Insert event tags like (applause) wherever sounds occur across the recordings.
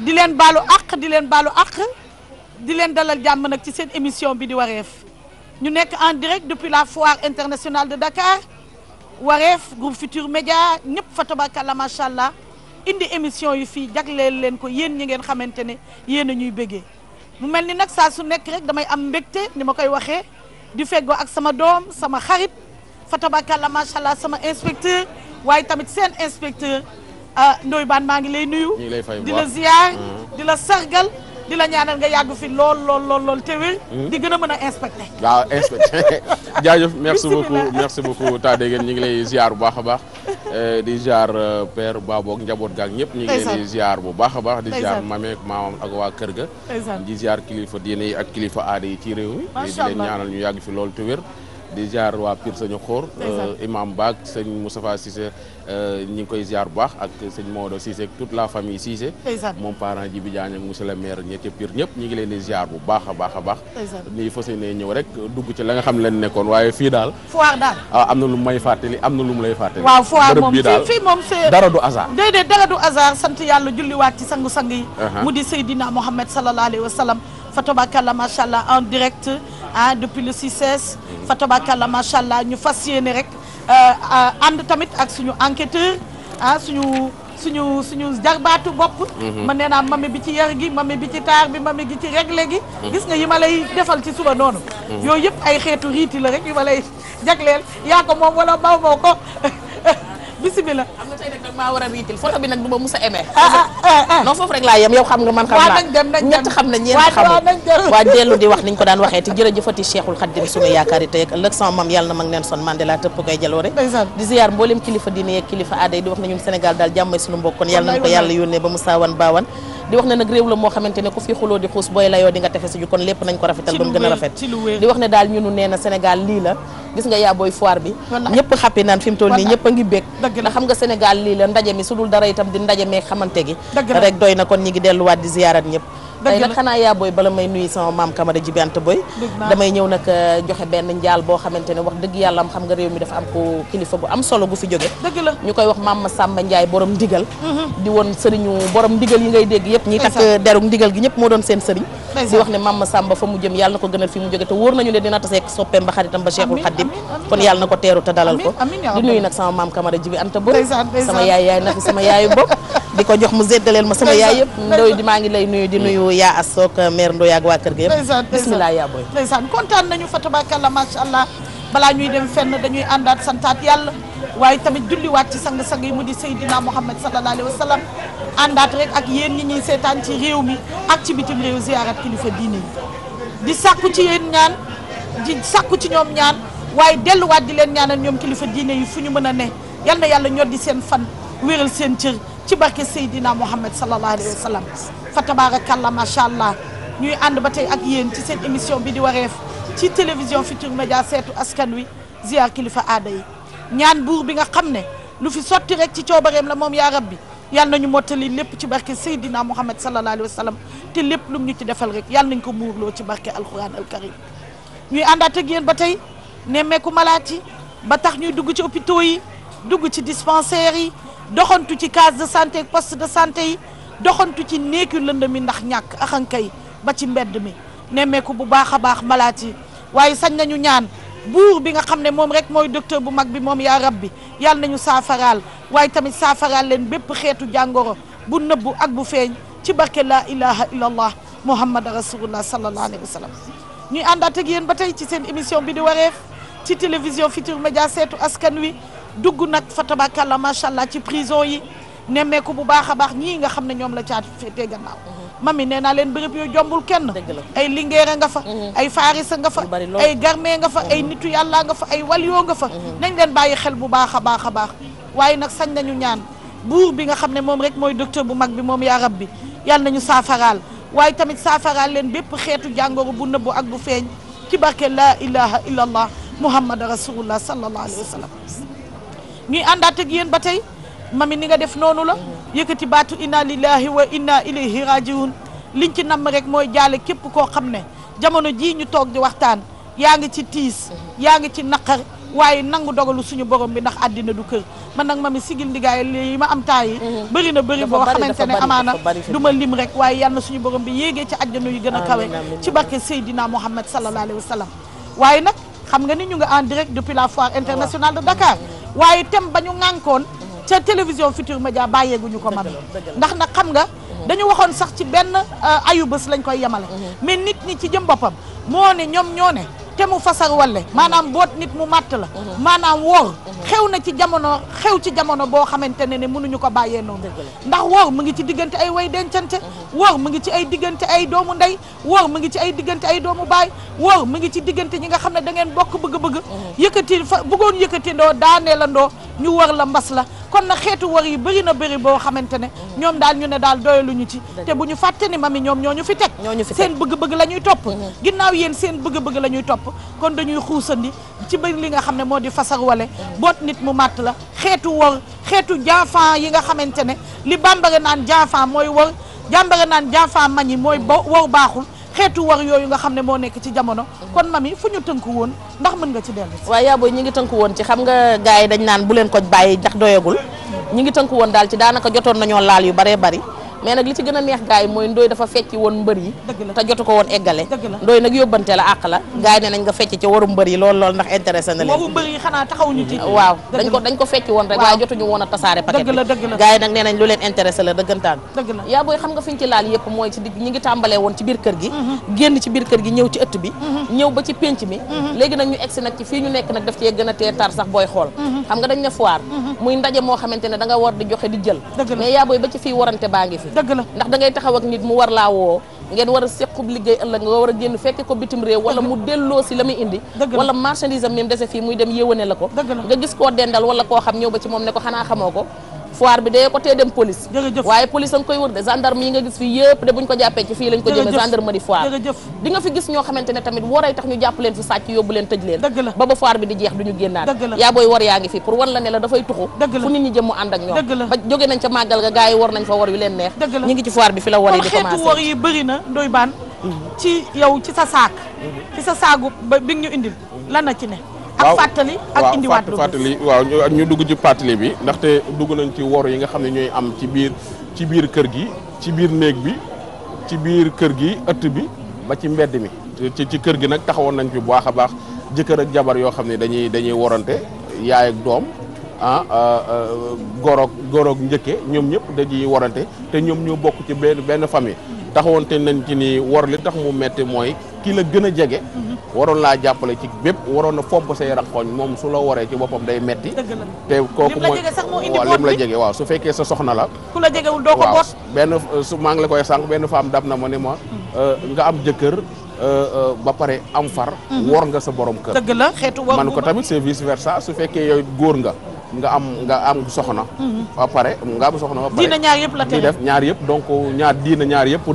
di leen balo àq di leen baalu àq di leen dalal jàmm nag ci seen émission bi di wareef ñu nekk en direct depuis la foire internationale de Dakar wareef groupe Futur Média ñëpp fa tabakalla macha allah indi émission yu fii jagleel leen ko yéen ñi ngeen xamante ne yéen a ñuy bëggee mu mel ni nag saa su nekk rek damay am mbégte ni ma koy waxee di fego ak sama doom sama xarit fa tabakalla macha allah sama inspecteur waaye tamit seen inspecteur. ah Ndoye Bane maa ngi lay nuyu. di la ziar di mm-hmm. di la mën a inspecté. waaw (laughs) jaajëf merci beaucoup merci beaucoup Tade Gueye ñu ngi lay ziar baax a baax. Euh, di ziar euh, per Baboog njaboot gaak ñëpp. ñu ngi leen ziar bu baax a baax. di ziar mameek maamam ak waa kër ga. di ziar kilifa diine yi ak kilifa aada yi ci réew mi. macha ñaanal ñu yàgg fi lool te wér. di ziar waa Pire Sañu Xóor. Euh, imam Baak sëñ Moustapha Cissé Euh, ñu ngi koy ziar bu baax ak sëñ Maodo Cissé ak toute la famille Cissé moom parent ji bi Diagne ak monsieur le maire ñi ca Pire ñëpp ñu ngi leen di ziar bu baax a baax a baax nii fas yéene ñëw rek dugg ci la nga xam ne leen nekkoon waaye fii daal foire daal waaw ah, am na lu may fàttali am na lu mu lay fàttali waaw foire moom fii moom c'est dara du hasard déedéet dara du hasard sant yàlla julliwaat ci sangu-sang yi mu di Seydina Mouhamed sallallahu alayhi wa sallam fatabakalla macha allah en direct ah depuis le 6 mhm. Fatabakalla macha allah ñu fas yéene rek Euh, euh, ànd tamit ak suñu enquêteur ah suñu suñu suñu jarbaatu bopp mhm. man nee naa mami bi ci yar gi mami bi ci taar bi mami gi ci réglé gi mhm. gis nga yi ma lay defal ci suba noonu mhm. yooyu yëpp ay xeetu riiti la rek yi ma lay (laughs) jagleel yaa ko moom wala baw moo ko (laughs) bisimilah. am nga tey a riitil photo bi nag du ma mus a aimé. Ah, ah, ah, non foofu rek laa yem yow xam nga man. xam naa ñett xam na ñeent xamul waaw dellu di wax niñ ko daan waxee te jërëjëfati Cheikhul Khadim sunu yaakaar yi tey ak ëllëg sama na mag neen son Mandela tëpp koy jaloore di ziar mboolem kilifa diine yeeg kilifa aada yi di wax na ñun Sénégal daal jàmmay sunu mbokk kon yàlla nañ ko yàlla yónnee ba mu baawan di wax ne nag réew la moo xamante ne ku fi xuloo di xuus booy layoo na Sénégal la gis nga yaa booy foire bi ñëpp xappi naan fi mu toll nii ñëpp a ngi bég ndax xam nga Sénégal lii la ndaje mi su dul dara itam di ndaje mee xamante gi rek doy na kon ñi ngi delluwaat di ziyaarat ñëpp tey nag booy bala may nuyu sama maam Camara ji bent boy damay ñëw nag euh, joxe benn njaal boo xamante ne wax dëgg yàlla xam nga réew mi dafa am ko kilifa bu am solo gu fi jóge dëgg la ñu koy wax maam Samba Ndiaye borom ndigal mm-hmm. di woon sëriñu borom ndigal yi ngay dégg yëpp ñi takk deru ndigal gi ñëpp moo doon seen sëriñ di wax ne maam Samba fa mu jëm yàlla na ko gënal fi mu jóge te wóor nañu ne dina taseek soppeem ba xaritam ba Cheikhul Khadim kon yàlla na ko teeru te dalal ko di nuyu nag sama maam Camara ji bi anta boy sama yaay yaay nag sama yaayu bopp di ko jox mu séddaleel ma sama yaay yëpp ndoy di maa ngi lay nuyu di nuyu yaa asook mère ndoy ak waa kër ga yëpp bismillah yaa booy ndeysaan kontaan nañu fa tabarakallah masha allah balaa ñuy dem fenn dañuy àndaat santaat yàlla waaye tamit julliwaat ci sang-sang yi mu di Seydina Muhammad sallallahu alayhi wa sallam àndaat rek ak yéen ñi ñuy seetaan ci réew mi ak ci bitim réew ziarat kilifa diine yi di sàkku ci yéen ñaan di sàkku ci ñoom ñaan waaye delluwaat di leen ñaanal ñoom kilifa diine yi fu ñu mën a ne yal na yàlla ñoddi seen fan wéral seen cër ci barke Seydina Mouhamed sallallahu alayhi wa sallam fa tabarakallah macha allah ñuy ànd ba tey ak yéen ci seen émission bi di wareef ci télévision Futurs Médias seetu askan wi ziar kilifa aada yi ñaan buur bi nga xam ne lu fi sotti rek ci coobareem la moom yaa rabbi yàlla ñu mottali lépp ci barke Seydina Mouhamed sallallahu alayhi wa salam te lépp lu ñu ci defal rek yàlla nañ ko muurloo ci barke alquran al karim ñuy àndaat ak yéen ba tey nemmeeku malaat yi ba tax ñuy dugg ci yi dugg ci dispensaires yi doxantu ci case de santé poste de santé yi doxantu ci néeg yu lënd mi ndax ñàkk axankay ba ci mbedd mi nemmeeku bu baax a baax malaat yi waaye sañ nañu ñaan buur bi nga xam ne moom rek mooy docteur bu mag bi moom yaa rab bi yàlla nañu saafaraal waaye tamit saafaraal leen bépp xeetu jàngoro bu nëbbu ak bu feeñ ci barke laa ilaha illallah muhammad rasulullah sallallahu alayhi wa sallam ñuy àndaat ak yéen ba tey ci seen émission bi di wareef ci télévision Futurs Médias seetu askan wi dugg nag fa tabakalla macha allah ci prison yi nemmeeku bu baax a baax ñii nga xam ne ñoom la caat féetee gannaaw mhm. mami nee naa leen bërëb yooyu jombul kenn ay lingeera nga fa mhm. ay faarisa nga fa ay garmee nga fa ay mhm. nitu yàlla nga fa ay waliyoo nga fa nañ leen bàyyi xel bu baax a baax a baax waaye nag sañ nañu ñaan buur bi nga xam ne moom rek mooy docteur bu mag bi moom yaa rab bi yàlla nañu saafaraal waaye tamit saafaraal leen bépp xeetu jàngoro bu nëbbu ak bu feeñ ci barke laa ilaha illa allah muhammad rasulullah sallallahu alayhi wa sallam ñuy àndaat ak yéen ba tey mami ni nga def noonu la yëkkati baatu inna lillahi wa inna ilayhi rajiun liñ ci namm rek mooy jaale képp koo xam ne jamono jii ñu toog di waxtaan yaa ngi ci tiis yaa ngi ci naqar waaye nangu dogalu suñu borom bi ndax addina du kër man nag mami sigil ndigaay li ma am taa yi mhm. bëri na boo xamante ne amaana du ma lim rek waaye yal na suñu borom bi yéegee ci àjjana yu gën a kawe ci barke Seydina Mouhamed sallallahu alayhi wa sallam waaye nag xam nga ni ñu nga en direct depuis la foire internationale de waaye tem ba ñu ŋànkoon ca télévision Futur Média bàyyeeguñu ko man ndax nag xam nga mhm. dañu waxoon sax ci benn euh, ayu bés lañ koy yemale mhm. mais nit ñi ci jëm boppam moo ne ñoom ñoo te mu fasar walle maanaam boot nit mu màtt la mhm. maanaam wor mhm. xew na ci jamono xew ci jamono boo xamante ne ne mënuñu ko bàyyee noonu ndax wor mu ngi ci diggante ay way dencante mhm. wor mu ngi ci ay diggante ay doomu ndey wor mu ngi ci ay diggante ay doomu baay wor mu ngi ci diggante ñi nga xam ne da ngeen bokk bëgg-bëgg yëkkati fa bëggoon yëkkati ndoo daanee la ndoo ñu war la mbas la kon na xeetu war yi bëri na bëri boo xamante ne ñoom daal ñu ne daal doyaluñu ci te bu ñu fàtte ni mami ñoom ñoo ñu fi teg seen bëgg-bëgg la ñuy topp ginnaaw yéen bëgg la ñuy topp kon dañuy xuusandi ci biir li nga xam ne moo di fasar wale boot nit mu màtt la xeetu wor xeetu jaafan yi nga xamante ne li bambara naan jaafan mooy wor jàmbara naan jaafan mañi mooy bo wor baaxul xeetu war yooyu nga xam ne moo nekk ci jamono kon mami fu ñu tënk woon ndax mën nga ci dellu waaye yaa booy ñi ngi tënk woon ci xam nga gars yi dañ naan bu leen ko bàyyi ndax doyagul ñi ngi tënk woon daal ci daanaka jotoon nañoo laal yu baree bari mais nag li ci gën a neex gars yi mooy ndooy dafa fecc woon mbër yi te jotu ko woon eggale ndooy nag yóbbante la àq la gars yi nga fecc ci waru mbër yi lool lool ndax intéressé na leen mbër yi xanaa taxaw ñu waaw dañ ko fecc woon rek waaye jotuñu woon a tasaare paquet gars yi nag nee lu leen intéressé la dëggantaan yaa xam nga fiñ ci laal yëpp mooy ci digg ñi ngi tàmbalee woon ci biir kër gi mm-hmm. génn ci biir kër gi ñëw ci ëtt bi mm-hmm. ñëw ba ci pénc mi mm-hmm. léegi nag ñu egsi nag ci fii nekk nag daf cee a tee tar sax booy moo xamante ne da war di joxe di jël ba ci fii dëgg na ndax dangay taxaw ak nit mu war laa woo ngeen war a sequb liggéey ëllëg nga war a génn fekke ko bitim réew wala mu delloo si la mu indi wala marchandise am même dese fii muy dem yéwane la ko nga gis koo dendal wala koo xam ñëw ba ci moom ne ko xanaa xamoo ko foire bi dee ko tee dem police waaye police anga koy wër de gendarme yi nga gis fii yëpp de buñ ko jàppee ci fii lañ ko jëmee gendarmerie foire di nga fi gis ñoo xamante ne tamit waray tax ñu jàpp leen fi sàcc yóbbu leen tëj leen ba ba foire bi di jeex duñu génnaat yaa war yaa ngi fii pour wan la ne la dafay tuxu fu nit ñi jëm ànd ak ñoom ba jóge nañ ca màggal ga yi war nañ fa war yu leen neex ñi ngi ci foire bi fi la war yi di commencé war mhm. sa saak mhm. ci sa saagu ba bi ñu indil ak fàttali ak indiwaat waaw fàttali waaw ñu dugg ci fàttali bi ndaxte dugg nañ ci wor yi nga xam ne ñooy am ci biir ci biir kër gi ci biir néeg bi ci biir kër gi ëtt bi ba ci mbedd mi ci kër gi nag taxawoon nañ fi bu baax a baax jëkkër ak jabar yoo xam ne dañuy dañuy worante yaay ak doom ah goroog euh, euh, goroog njëkke ñoom ñëpp dañuy warante te ñoom ñu bokk ci benn benn famille taxawante nañ ci ni wor tax mu metti mooy ki la gën a jege waroon laa jàppale ci bépp waroon na fomp say rakkooñ moom su la waree ci boppam day metti te kooku mooy waaw lim la su fekkee sa soxna la ku la benn euh, su maa ngi la koy sànq benn femme dab na ma ni ma euh, nga am jëkkër euh, ba pare am far mhm. wor nga sa borom kër dëgg la xeetu man ko tamit c'est vice versa su fekkee yow góor nga nga am nga am soxna. Mhm. ba pare nga am soxna ba pare. diina ñaar yëpp la tere def ñaar yëpp donc ñaar diina ñaar yëpp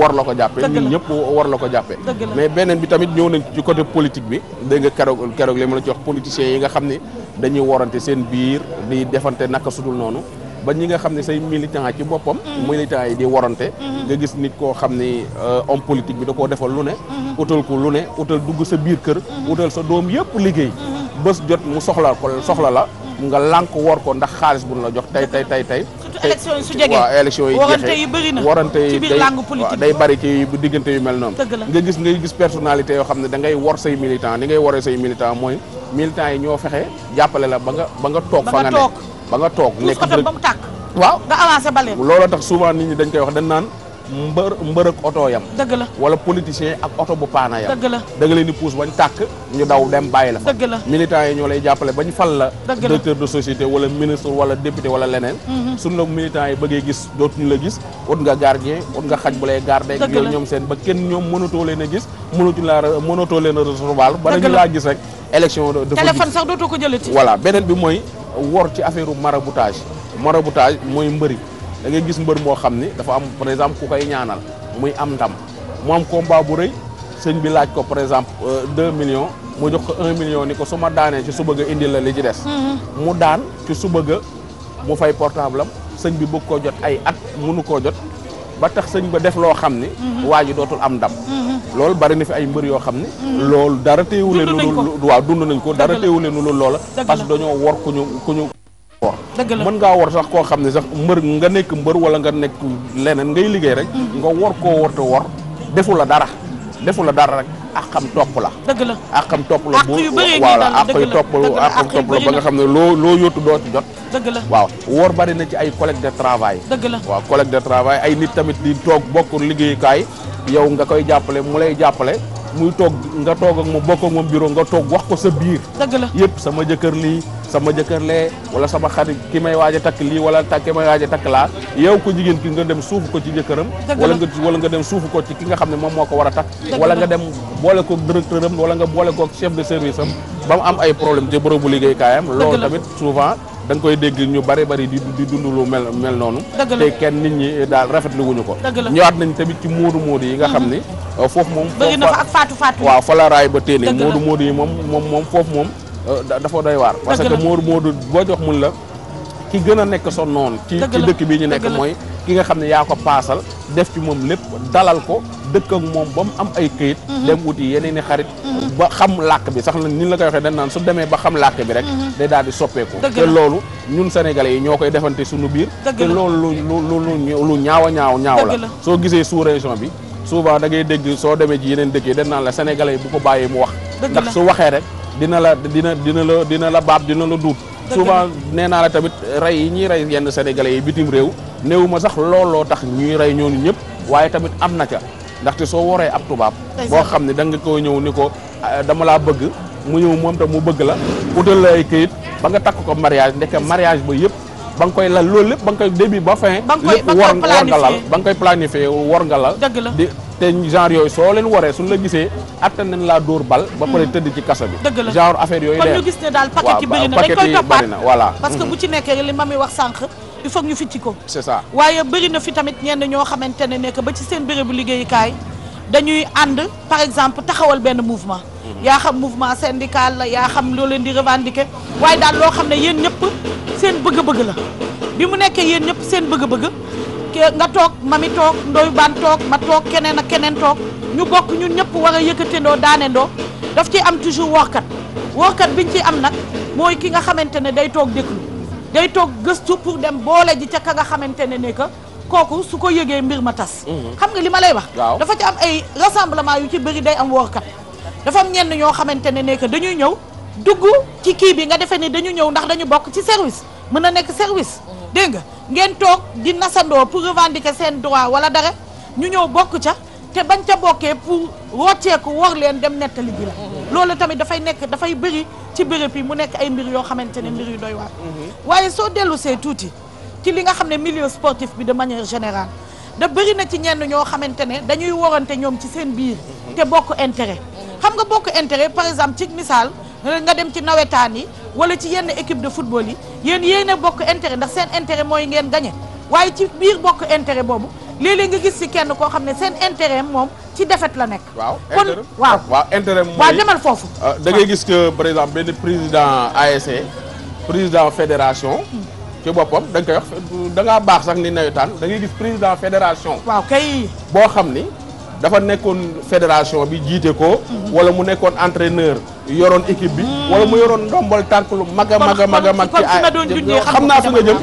war la ko jàppee. ñëpp war la ko jàppee. mais beneen bi tamit ñëw nañ ci côté politique bi. dégg nga keroog keroog li ma la ci wax yi nga xam ne dañuy warante seen biir di defante naka sudul noonu. ba ñi nga xam ne say militant ci boppam. Mhm. militant yi di warante. Mhm. nga gis nit koo xam ni euh, om politique bi da koo defal lu ne. utal ko lu ne utal dugg sa biir kër. utal sa doom yëpp liggéey. bés jot mu soxla ko soxla la. nga lànk wor ko ndax xaalis bu ñu la jox tey tey tey tey. surtout élection yi day bari diggante yu mel nga gis ngay gis xam ne da ngay wor say militant li ngay waree say militant mooy militant yi ñoo fexe jàppale la ba nga ba nga toog. fa nga nekk ba nga toog nekk ba mu tàkk. waaw nga avancé ba leen. tax souvent nit dañ koy wax dañ naan mbër mbër ak oto yam dëgg la wala politicien ak oto bu paana yam dëgg la da nga leen di puus bañ tàkk ñu daw dem bàyyi la fa dëgg la yi ñoo lay jàppale bañ fal la directeur de société wala ministre wala député wala leneen mm-hmm. suñ la militant yi bëggee gis dootuñu la gis ut nga gardien ut nga xaj bu lay garde yooyu ñoom seen ba kenn ñoom mënatoo leen a gis mënatuñ laa mënatoo leen a recevoir ba dañu laa gis rek élection téléphone sax dootoo ko jëlati wala beneen bi mooy wor ci affaire u maraboutage maraboutage mooy mbëri da ngay gis mbër moo xam ni dafa am par exemple ku koy ñaanal muy am ndam mu am combat bu rëy sëñ bi laaj ko par exemple 2 euh, millions mu jox ko un million ni ko suma daanee ci suba ga indil la li ci des. Mm-hmm. mu daan ci suba ga mu fay portable sëñ bi bëgg koo jot ay at mënu koo jot ba tax sëñ ba def loo xam ni. Mm-hmm. waa ji dootul am ndam. Mm-hmm. loolu bari na fi ay mbër yoo xam ni. loolu dara teewule nu. dund nañ ko waaw dund nañ ko dara teewule nu loola. parce wor ku ñu ku wax mën ngaa war sax koo xam ne sax mbër nga nekk mbër wala nga nekk leneen ngay liggéey rek mm-hmm. nga war koo warta war defu la dara mm-hmm. defu la dara rek ak xam topp la dëgg la ak xam topp la bu wala ak yu topp ak xam topp la ba nga xam ne loo loo yóotu doo ci jot dëgg la waaw woor bari na ci ay collègue de travail dëgg la waaw collègue de travail ay nit tamit di toog bokk liggéeyukaay yow nga koy jàppale mu lay jàppale muy toog nga toog ak moom bokk ak moom bureau nga toog wax ko sa biir. dëgg la yëpp sama jëkkër lii sama jëkkër lee wala sama xarit ki may waaj a takk li wala ta ki may laa yow ko jigéen ki nga dem suufu ko ci jëkkëram. wala nga wala nga dem suufu ko ci ki nga xam ne moom moo ko war a takk. wala nga dem boole koog directeur am wala nga boole koog chef de service am. ba am ay problème ci liggéey kaayam loolu tamit souvent. da koy dégg ñu bari bari di di dund lu mel mel noonu te kenn nit ñi eh, daal rafetlu wuñu ko ñëwaat nañ tamit ci moodu moodu yi nga xam mhm. ni euh, foofu moom bëgg na fa ak faatu faatu waaw fa la raay ba moodu yi moom moom moom foofu moom euh, dafa doy waar parce que moodu moodu boo jox mun la ki gën a nekk sa noon ci ci dëkk bi ñu nekk mooy ki nga xam ne yaa ko paasal def ci moom lépp dalal ko dëkk ak moom ba mu am ay këyit mhm. dem wuti yeneen i xarit mhm. ba xam làkk bi sax la ni la koy waxee dañ naan su demee ba xam làkk bi rek mhm. day daal di soppeeku te loolu ñun sénégal yi ñoo koy defante suñu biir te loolu lu lu lu ñaaw ñaaw ñaaw la soo gisee sous région bi souvent da ngay dégg soo demee ci yeneen dëkk yi dañ naan la sénégalais yi bu ko bàyyi mu wax ndax su waxee rek dina la dina dina la dina la baab dina la duut souvent nee naa la tamit rey yi ñuy rey yenn sénégalais yi bitim réew néew ma sax looloo tax ñuy rey ñooñu ñëpp waaye tamit am na ca ndaxte soo waree ab tubaab boo xam ne da nga ko ñëw ni ko ah, dama laa bëgg mu ñëw moom tam mu bëgg la utal la ay këyit ba nga takk ko mariage ndeke mariage ba yëpp ba nga koy lal loolu lépp ba nga koy début ba fin lépp war war nga lal ba nga koy planifié war nga lal di te genre yooyu soo leen waree suñu la gisee attan na laa dóor bal ba pare hmm. tëdd ci kaso bi genre affaire yooyu kon ñu gis ne daal paquet yi que bu hmm. ci nekkee li mami wax waaye bëri na fi tamit ñenn ñoo xamante ne nekk ba ci seen liggéey kaay dañuy ànd par exemple taxawal benn mouvement hmm. yaa xam mouvement syndical la yaa xam loo leen di revendiquer waaye daal loo xam ne yéen ñëpp seen bëgg-bëgg la bi mu nekkee yéen ñëpp seen bëgg-bëgg nga toog ma mami toog ndoyu baan toog ma toog keneen ak keneen toog ñu bokk ñun ñëpp war a daane daanendoo daf ci am toujours woorkat woorkat biñ ci am nag mooy ki nga xamante ne day toog déglu day toog gëstu pour dem boole ji ca ka nga xamante ne ne que kooku su ko yëgee mbir ma tas mhm. xam nga li ma lay wax dafa ci am ay rassemblement yu ci bëri day am woorkat dafa am ñenn ñoo xamante ne ne que dañuy ñëw dugg ci kii bi nga defe ni dañu ñëw ndax dañu bokk ci service mën a nekk service mhm. dégg nga ngeen toog di nasandoo pour revendiquer seen droit wala dara ñu ñëw bokk ca te bañ ca bokkee pour rocceeku wor leen dem nettali bi la loolu tamit dafay nekk dafay bëri ci béréb yi mu nekk ay mbir yoo xamante ne mbir yu doy waar waaye soo dellusee tuuti ci li nga xam ne milieu sportif bi de manière général da bëri na ci ñenn ñoo xamante ne dañuy warante ñoom ci seen biir te bokk intérêt xam nga bokk intérêt par exemple ci misaal Euh, nga dem ci nawetaan yi wala ci yenn équipe de football yi yéen yéen a bokk intérêt ndax seen intérêt mooy ngeen gañe waaye ci biir bokk intérêt boobu léeg nga gis ci kenn koo xam ne seen intérêt moom ci défaite la nekk. waaw kon waaw waaw intérêt mooy waaw demal foofu. Euh, gis par exemple benn président président fédération. Hmm. ci boppam da nga baax sax ni nawetaan da ngay gis président fédération. waaw kay. boo xam ni dafa nekkoon fédération bi jiite ko. Hmm. wala mu nekkoon entraîneur. yoroon équipe bi. Hmm. wala mu yoroon ndombal tànk lu mag a mag a mag a mag. ci ay xam naa fi nga jëm.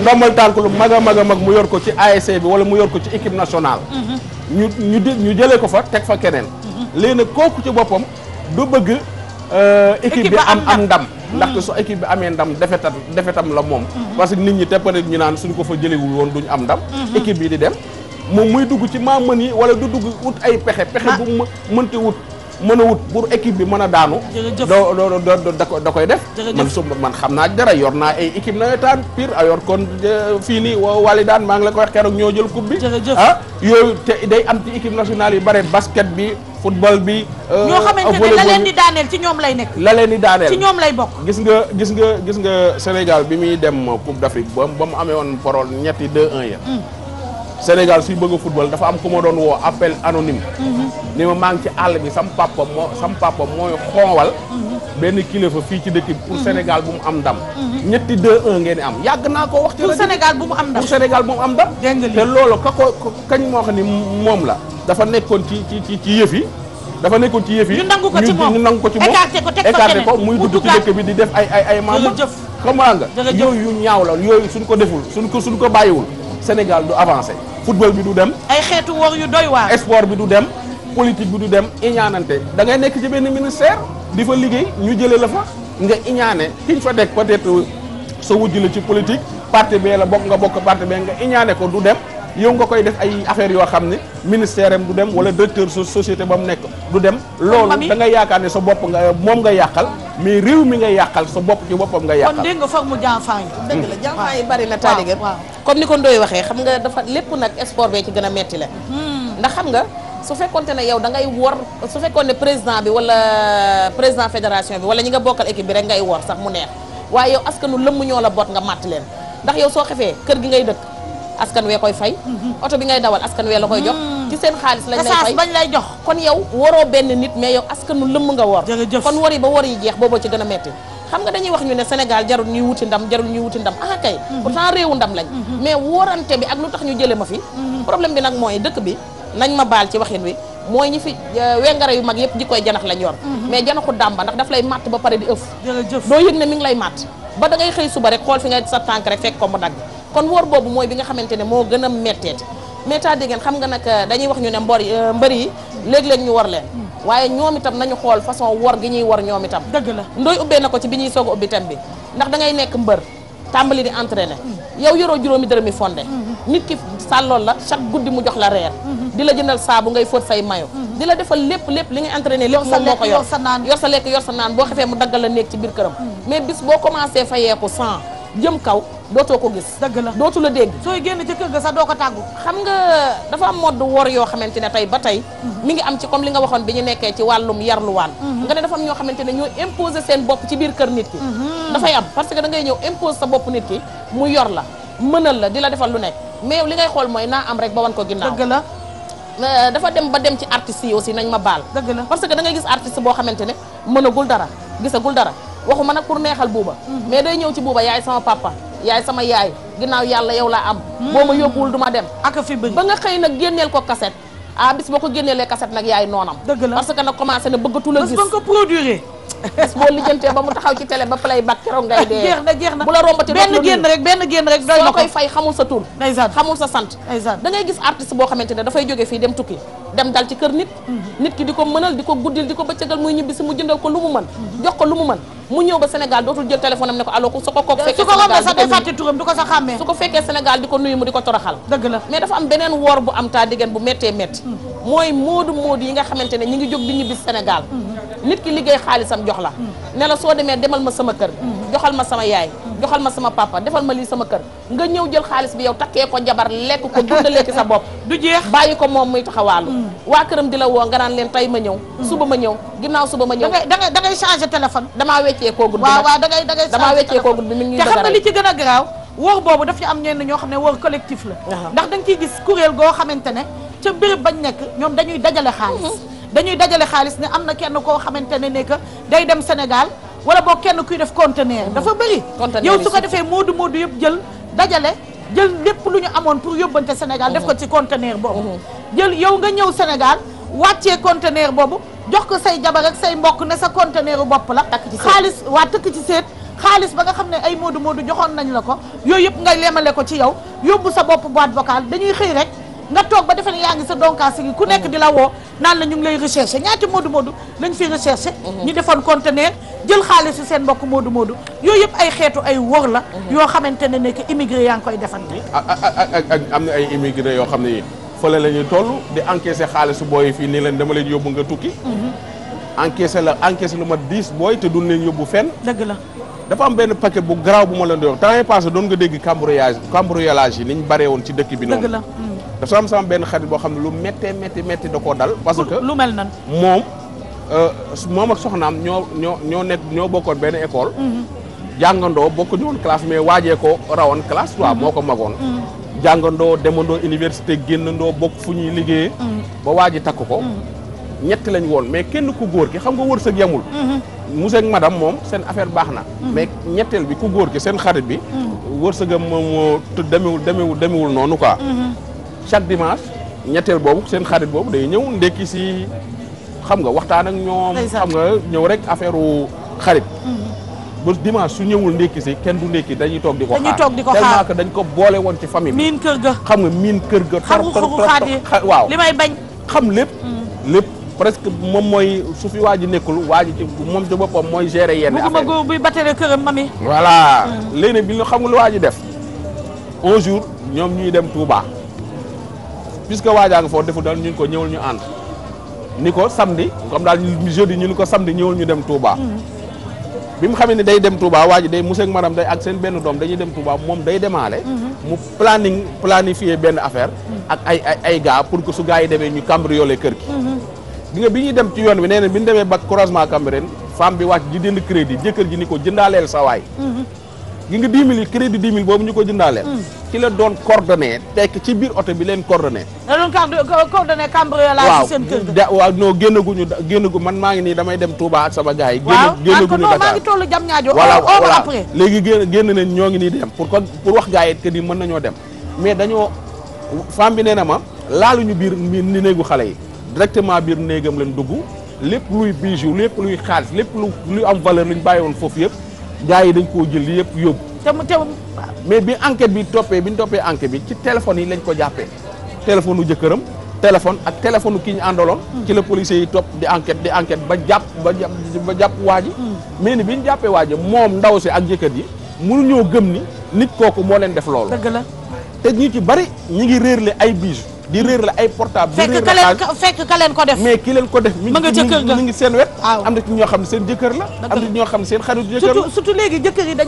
ndombal tànk lu mag a mag a mag mu yor ko ci ASC bi wala mu yor ko ci équipe nationale. Mm-hmm. ñu ñu ñu jëlee ko fa teg fa keneen. Mm-hmm. léegi nag kooku ci boppam du bëgg. Euh, équipe bi am am ndam. ndax ndaxte mm-hmm. su équipe bi amee ndam defetam defetam la moom. parce que nit ñi te peut ñu naan suñ ko fa jëlewul woon duñu am ndam. équipe bi di dem moom muy dugg ci maam mën yi wala du dugg wut ay pexe. pexe ah. bu mu mënti wut. mën a wut pour équipe bi mën a daanu. doo doo da koy def. man su man xam naa dara yor naa ay équipe nawetaan pire ayor kon euh, fii nii daan maa ngi la ko wax keroog ñoo jël coupe bi. ah yooyu te day am ci équipe nationale yu bare basket bi football bi. Euh, ñoo xamante ne la leen di daaneel ci ñoom lay nekk. la leen di daaneel ci ñoom lay bokk. gis nga gis nga gis nga Sénégal bi muy dem Coupe d'Afrique ba ba mu amee woon parole ñetti 2-1 ya. Mm. Sénégal si bëgg a football dafa am ku ma doon woo appel anonyme. Mhm. ni ma maa ci àll bi sam papa moo sam papa mooy xoowal. Mhm. benn kilifa fii ci dëkk mhm. pour Sénégal bu mu am ndam. ñetti 2-1 ngeen am yàgg naa ko wax. ci rajo pour Sénégal bu mu am ndam Sénégal bu mu am ndam. te loolu ka ko kañ moo xam ni moom la. dafa nekkoon ci ci ci yëf yi. dafa nekkoon ci yëf yi ñu nangu ko ci moom ñu ko ci moom écarté ko teg ko écarté ko muy dugg ci bi di def ay ay ay membres. jërëjëf xam nga yooyu yu ñaaw la yooyu suñ ko deful suñ ko suñ ko bàyyiwul Sénégal du avancé football bi du dem. ay xeetu wor yu doy waa sport bi du dem politique bi du dem iñaanante da ngay nekk ci benn ministère di fa liggéey ñu jëlee la fa nga iñaane ki ñu fa dekk peut-être sa wujj la ci politique parti bee la bokk nga bokk parti bee nga iñaane ko du dem. yow nga koy def ay affaires yoo xam ne ministère am du dem wala directeur société ba mu nekk du dem. loolu da nga yaakaar ne sa bopp nga moom nga yàqal. mais réew mi nga yàqal sa bopp ci boppam nga yàqal kon dégg nga foog mu janfaa yi dëgg la janfaa yi bari na taaligé comme ni kon Ndoye waxee xam nga dafa lépp nag sport bee ci gën a metti la hmm. ndax xam nga su fekkonte ne yow da ngay wor su fekkoon ne président bi wala président fédération bi wala ñi nga bokkal équipe bi rek ngay wor sax mu neex waaye yow askanu lëmm ñoo la boot nga màtt leen ndax yow soo xefee kër gi ngay dëkk askan wee koy fay hmm. oto bi ngay dawal askan wee la koy jox hmm. ci seen xaalis lañ lay fay bañ lay jox kon yow waroo benn nit mais yow askanu lëmm nga wor kon wor yi ba wor yi jeex booboo ci gën a metti xam nga dañuy wax ñu ne Sénégal jarul ñuy wuti ndam jarul ñuy wuti ndam ah kay mhm. pourtant réewu ndam lañ mhm. mais worante bi ak lu tax ñu jële ma fi mhm. problème bi nag mooy dëkk bi nañ ma baal ci waxin wi mooy ñi fi euh, wengare yu mag yëpp ji koy janax lañ yor mais janaxu dàmba ndax daf lay matt ba pare di ëf doo yëg ne mi ngi lay matt ba dangay xëy suba rek xool fi nga sa tànk rek fekk ko mu dagg kon wor boobu mooy bi nga xamante ne moo gën a metteeti mais taa ngeen xam nga nag euh, dañuy wax ñu ne mbor euh, mbër yi léeg-léeg ñu war leen waaye ñoom itam nañu xool façon war gi ñuy war ñoom itam dëgg la ndoy ubbee na ko ci bi ñuy soog a ubbi tam bi ndax da nekk mbër tàmbali di entraîner yow yoroo juróomi dërëmi fondé nit ki sàllool la chaque guddi mu jox la reer di la jëndal saabu ngay fóot say mayo di la defal lépp lépp li ngay entraîner lépp moom moo ko yor yor sa lekk yor sa naan boo xefee mu daggal la néeg ci biir këram mais bis boo commencé fayeeku 100 jëm kaw dootoo ko gis dëgg la dootu la dégg sooy génn ci kër ga sax doo ko tàggu xam nga dafa am modd wor yoo xamante ne tey ba tey mi ngi am ci comme li nga waxoon bi ñu nekkee ci wàllum yarluwaan mhm. nga ne dafa am ñoo xamante ne ñoo imposer seen bopp ci biir kër nit ki mhm. dafay am parce que dangay ñëw imposer sa bopp nit ki mu yor la mënal la di la defal lu nekk mais li ngay xool mooy naa am rek ba wan ko ginnaaw dëgg la euh, dafa dem ba dem ci artistes yi aussi nañ ma baal dëgg la parce que da ngay gis artiste boo xamante ne mënagul dara gisagul dara waxuma nag pour neexal buuba mhm. mais day ñëw ci buuba yaay sama papa yaay sama yaay ginnaaw yàlla yow laa am boo ma hmm. yóbbuwul du dem ak fi ba nga xëy nag génneel ko kaset ah bis boo ko génneelee kaset nag yaay noonam dëgg parce que nag commencé na bëggatula gis parce que ko produire bis boo lijjantee ba mu taxaw ci télé ba play back keroog ngay dee jeex na jeex na bu la rombati ne dafay jóge fii dem tukki dem mhm. ki di ko mënal ko guddil di ko bëccëgal muy ñibbi si mu jëndal ko lu mu mën mhm. jox ko ba Sénégal di ko nuyu mu di ko toraxal dëgg la mais dafa am beneen woor bu am taa diggéen bu méttee métti mhm. mooy moodu moodu yi nga xamante ne ñi ngi jóg di ñibbi Sénégal nit ki liggéey xaalisam jox la ne la soo demee demal ma sama kër joxal ma sama yaay joxal ma sama papa defal ma lii sama kër nga ñëw jël xaalis bi yow takkee ko jabar lekk ko dundalee ci sa bopp du jeex bàyyi ko moom muy taxawaalu mm. waa këram di la woon nga naan leen tey ma ñëw mm. suba ma ñëw ginnaaw suba ma ñëw da ngay da ngay changé téléphone damaa weccee koogul bi waaw waaw da ngay da ngay damaa weccee koogul li ci gën a garaaw wóor boobu daf am ñenn ñoo xam ne wóor collectif la ndax da nga ciy gis kuréel goo xamante ne ca béréb bañ nekk ñoom dañuy dajale xaalis mm-hmm. dañuy dajale xaalis ne am na kenn koo xamante ne ne que day dem Sénégal wala boo kenn kuy def conteneur dafa bëri yow su ko defee moodu moodu yëpp jël dajale jël lépp lu ñu amoon pour yóbbante Sénégal def ko mhm. ci conteneur boobu mhm. jël yow nga ñëw Sénégal wàccee conteneur boobu jox ko say jabar ak say mbokk ne sa conteneur bopp la xaalis waa tëkk ci seet xaalis ba nga xam ne ay moodu moodu joxoon nañ la ko yooyu yëpp nga lemale ko ci yow yóbbu sa bopp boîte vocale dañuy xëy rek nga toog ba defe ne yaa ngi sa donkaas gi ku nekk di la woo naan la ñu ngi lay recherché ñaati moodu moodu lañ fi recherché mhm. ñu defoon conteneur jël xaalis su seen mbokk moodu moodu yooyu yëpp ay xeetu ay wor la mhm. yoo xamante ne nekk immigré yaa ngi koy defante ak ah, ah, ah, am na ay immigré yoo xam ne fële la ñuy toll di encaissé xaalisu booy fii nii leen dama leen yóbbu nga tukki mhm. encaissé la encaissé lu ma 10 booy te duñ leen yóbbu fen dëgg la dafa am benn paquet bu garaaw bu ma leen di wax temps yii passé doon nga dégg cambriolage cambriolage yi ni woon ci dëkk bi. noonu hmm. da am sama benn xarit boo xam ne lu méttee métti métti da koo dal. parce que lu mel nan moom euh, moom soxnaam ñoo ñoo ñoo nekk ñoo bokkoon benn école. Hmm. jàngandoo bokkuñu woon classe mais waajee ko rawoon classe. waaw hmm. moo ko magoon. jàngandoo demandoo université génnandoo bokk fu ñuy liggéeyee. ba waaj a takk ko. ñett lañ woon mais kenn ku góor ki xam nga wërsëg yamul mhm. monsieur ak madame moom seen affaire baax na mhm. mais ñetteel bi ku góor ki seen xarit bi mhm. wërsëgam moom moo demewul demewul demewul noonu quoi chaque dimanche ñetteel boobu seen xarit boobu day ñëw ndekki si xam nga waxtaan ak ñoom xam nga ñëw rek affaire u xarit ba dimanche su ñëwul ndékki si kenn du ndékki dañuy toog di ko xaar tellement que dañ ko boole woon ci famille miin kër ga xam nga miin kër ga tor tor waaw li may bañ xam lépp lépp presque moom mooy su fi waa ji nekkul waa moom ci boppam mooy gérer am affaire yi buy batale këram mami. voilà hmm. léegi nag bi ñu xamul waa ji def un ñoom ñuy dem Touba puisque waajaa nga foofu defu daal ñu ko ñëwul ñu ànd ni ko samedi comme daal jeudi ñu ni ko samedi ñëwul ñu dem Touba. Hmm. bi mu xamee ne day dem Touba waaju day monsieur ak day ak seen benn doom dañuy dem Touba moom day demaale. Hmm. mu planning planifier benn affaire. ak ay ay ay gars pour que su gaa yi demee ñu cambrioler kër gi. di nga bi ñuy dem ci yoon bi nee na bi ñu demee ba croisement Cambérène femme bi wàcc di jënd crédit jëkkër ji ni ko jëndaaleel sa waay mhm. gi nga 10 000 crédit 10 000 boobu ñu ko jëndaaleel mhm. ci la doon coordonné tekk ci biir oto bi leen coordonné da doon coordonné cambriolage seen kër waaw non génnaguñu génnagu man maa ngi nii damay dem Touba ak sama gars yi génnaguñu Dakar maa ngi tollu jam ñaajo voilà voilà léegi génn génn nañ ñoo ngi nii dem pour que pour wax gars yi que mën nañoo dem mais dañoo femme bi nee na ma laaluñu biir ni néegu xale yi directement biir néegam lañ dugg lépp luy bijou lépp luy xaalis lépp lu lu am valeur lu ñu bàyyi woon foofu yëpp gars yi dañ koo jël li yëpp yóbbu. te mu te mais bi enquête bi toppee bi ñu toppee enquête bi ci téléphone yi lañ ko jàppee téléphone u jëkkëram téléphone ak téléphone ki ñu àndaloon. yi topp di enquête di enquête ba jàpp ba jàpp ba jàpp waa ji. Hmm. mais ni bi ñu jàppee waa moom ndaw si ak jëkkër ji ñëw gëm ni nit kooku moo leen def loolu. dëgg la te ñu ci bari ñu ngi réerle ay bijou di réer la ay portable di réer la fekk ka leen ko def mais ki leen ko def mi ngi mi ngi seen wet am na ci ñoo xam ne seen jëkkër la am na ci ñoo xam ne seen xarit jëkkër la surtout léegi jëkkër ah,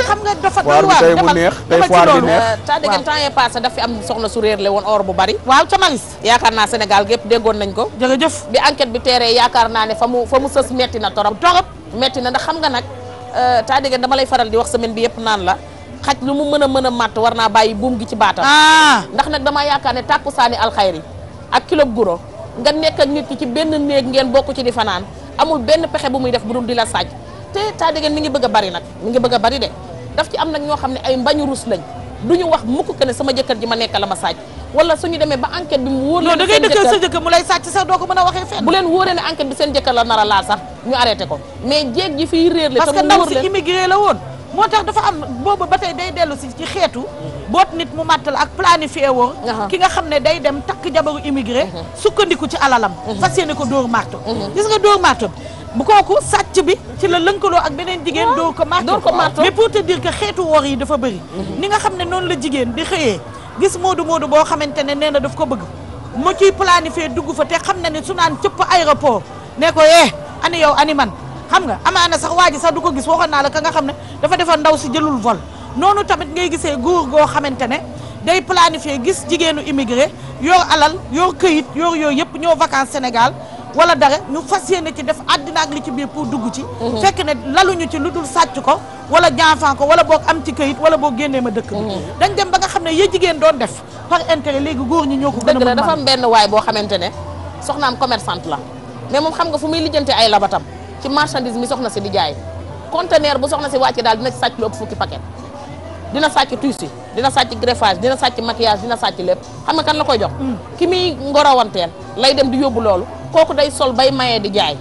xam nga dafa doy waar tey mu neex tey foire bi neex euh, ta dégg temps yee passé daf fi am soxna su réer la woon or bu bari waaw ca Maris yaakaar naa Sénégal gépp déggoon nañ ko jërëjëf bi enquête bi teeree yaakaar naa ne fa mu fa mu sës metti na torop torop metti na ndax xam nga nag Euh, taa dégg dama lay faral di wax semaine bi yëpp naan la xaj lu mu mën a mën a màtt war naa bàyyi buum gi ci baatam ah! ndax nag damaa yaakaar ne tàkku saani alxayri ak kilo guro nga nekk nit ki ci benn néeg ngeen bokk ci di fanaan amul benn pexe bu muy def bu dul di la saaj te taa dégg mi ngi bëgg bari nag mi ngi bëgg a bari de daf ci am nag ñoo xam ne ay mbañu ruus lañ du ñu wax mukk que ne sama jëkkër ji ma nekk la ma saaj wala suñu demee ba enquête bi mu wóor leen da ngay dëkkal sa jëkkër mu lay sàcc sax doo ko mën a waxee fenn bu leen wóoree ne bi seen jëkkër la nar a laal sax ñu arrêté ko mais jéeg ji fii réer la parce que ndaw si immigré la woon moo tax dafa am boobu ba tey day dellu si ci xeetu boot nit mu màttal ak planifié woo ki nga xam ne day dem takk jabaru immigré mhm. sukkandiku ci alalam mhm. fas yéene ko dóor matt mhm. gis nga dóor marto bi bu kooku sàcc bi ci la lënkaloo ak beneen jigéen dóor ko marto mais pour te dire que xeetu woor yi dafa bëri ni nga xam ne noonu la jigéen di xëyee gis Modou Modou boo xamante ne nee na daf ko bëgg mu ciy planifier dugg fa te xam na ne su naan cëpp aéroport ne ko eh ani yow ani man xam nga amaana sax waa ji sax du ko gis waxoon naa la ka nga xam ne dafa defoon ndaw si jëlul vol noonu tamit ngay gisee góor goo xamante ne day planifier gis jigéenu immigré yor alal yor këyit yor yooyu yëpp ñëw vacances Sénégal wala dara ñu fas yéene ci def àddina ak li ci biir pour dugg ci mhm. fekk ne laluñu ci lu dul sàcc ko wala jaafaan ko wala boog am ci këyit wala boo génnee ma dëkk bi mhm. dañ dem ba nga xam ne ya jigéen doon def par intérêt léegi góor ñi ñoo ko dëgg la dafa benn waay boo xamante ne soxnaam commerçante la mais moom xam nga fu muy lijjante ay labatam ci marchandise mi soxna si di jaay conteneur bu soxna si wàcce daal dina ci sàcc lu ëpp fukki paquet dina sàcc tuusi dina sàcc greffage dina sàcc maquillage dina sàcc lépp xam nga kan la koy jox mm. ki muy ngorawanteel lay dem di yóbbu loolu kooku day sol bay maye di jaay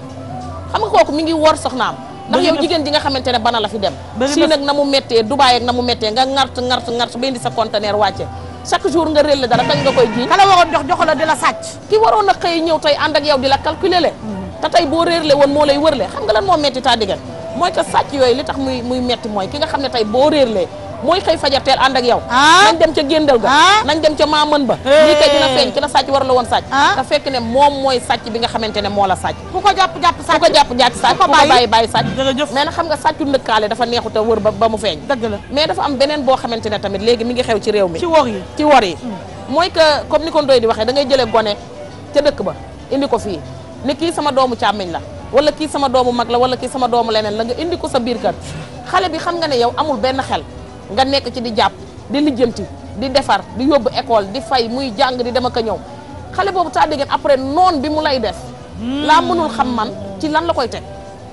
xam nga kooku mi ngi wor soxnaam ndax yow jigéen ji nga xamante ne bana la fi dem si nag na mu méttee Dubaay ak na mu méttee nga ngart ngart ngart ba indi sa conteneur wàcce chaque jour nga réel la dara kañ nga koy ji kala waroon jox jox la di la sàcc ki waroon a xëy ñëw tey ànd ak yow di la calculer le mm-hmm. te tey boo réerle woon moo lay wërle xam nga lan moo metti taa digal mooy que sàcc yooyu li tax muy muy metti mooy ki nga xam ne tey boo réerlee mooy xëy fajarteel ànd ak yow ah. nañ dem ca géndal ga ah. nañ dem ca maamën ba lii kay dina feeñ ki la sàcc war la woon sàcc ah. te fekk ne moom mooy sàcc bi nga xamante ne moo la sàcc ku ko jàpp jàpp sàcc ku ko jàpp jàpp sàcc ku ko bàyyi bàyyi sàcc mais nag xam nga sàccu ndëkkaale dafa neexu te wër ba mu feeñ dëgg la mais dafa am beneen boo xamante ne tamit léegi mi ngi xew ci réew mi ci wor yi ci wor yi hmm. mooy que comme ni ko ndoy di waxee da ngay jële gone ca dëkk ba indi ko fii ne kii sama doomu càmmiñ la wala kii sama doomu mag la wala kii sama doomu leneen la nga indi ko sa biir xale bi xam nga ne yow amul benn xel nga nekk ci di jàpp di lijjanti di defar di yóbbu école di fay muy jàng di dem ak a ñëw xale boobu taa dégg après noon bi mu lay def. Hmm. laa mënul xam man ci lan la koy teg.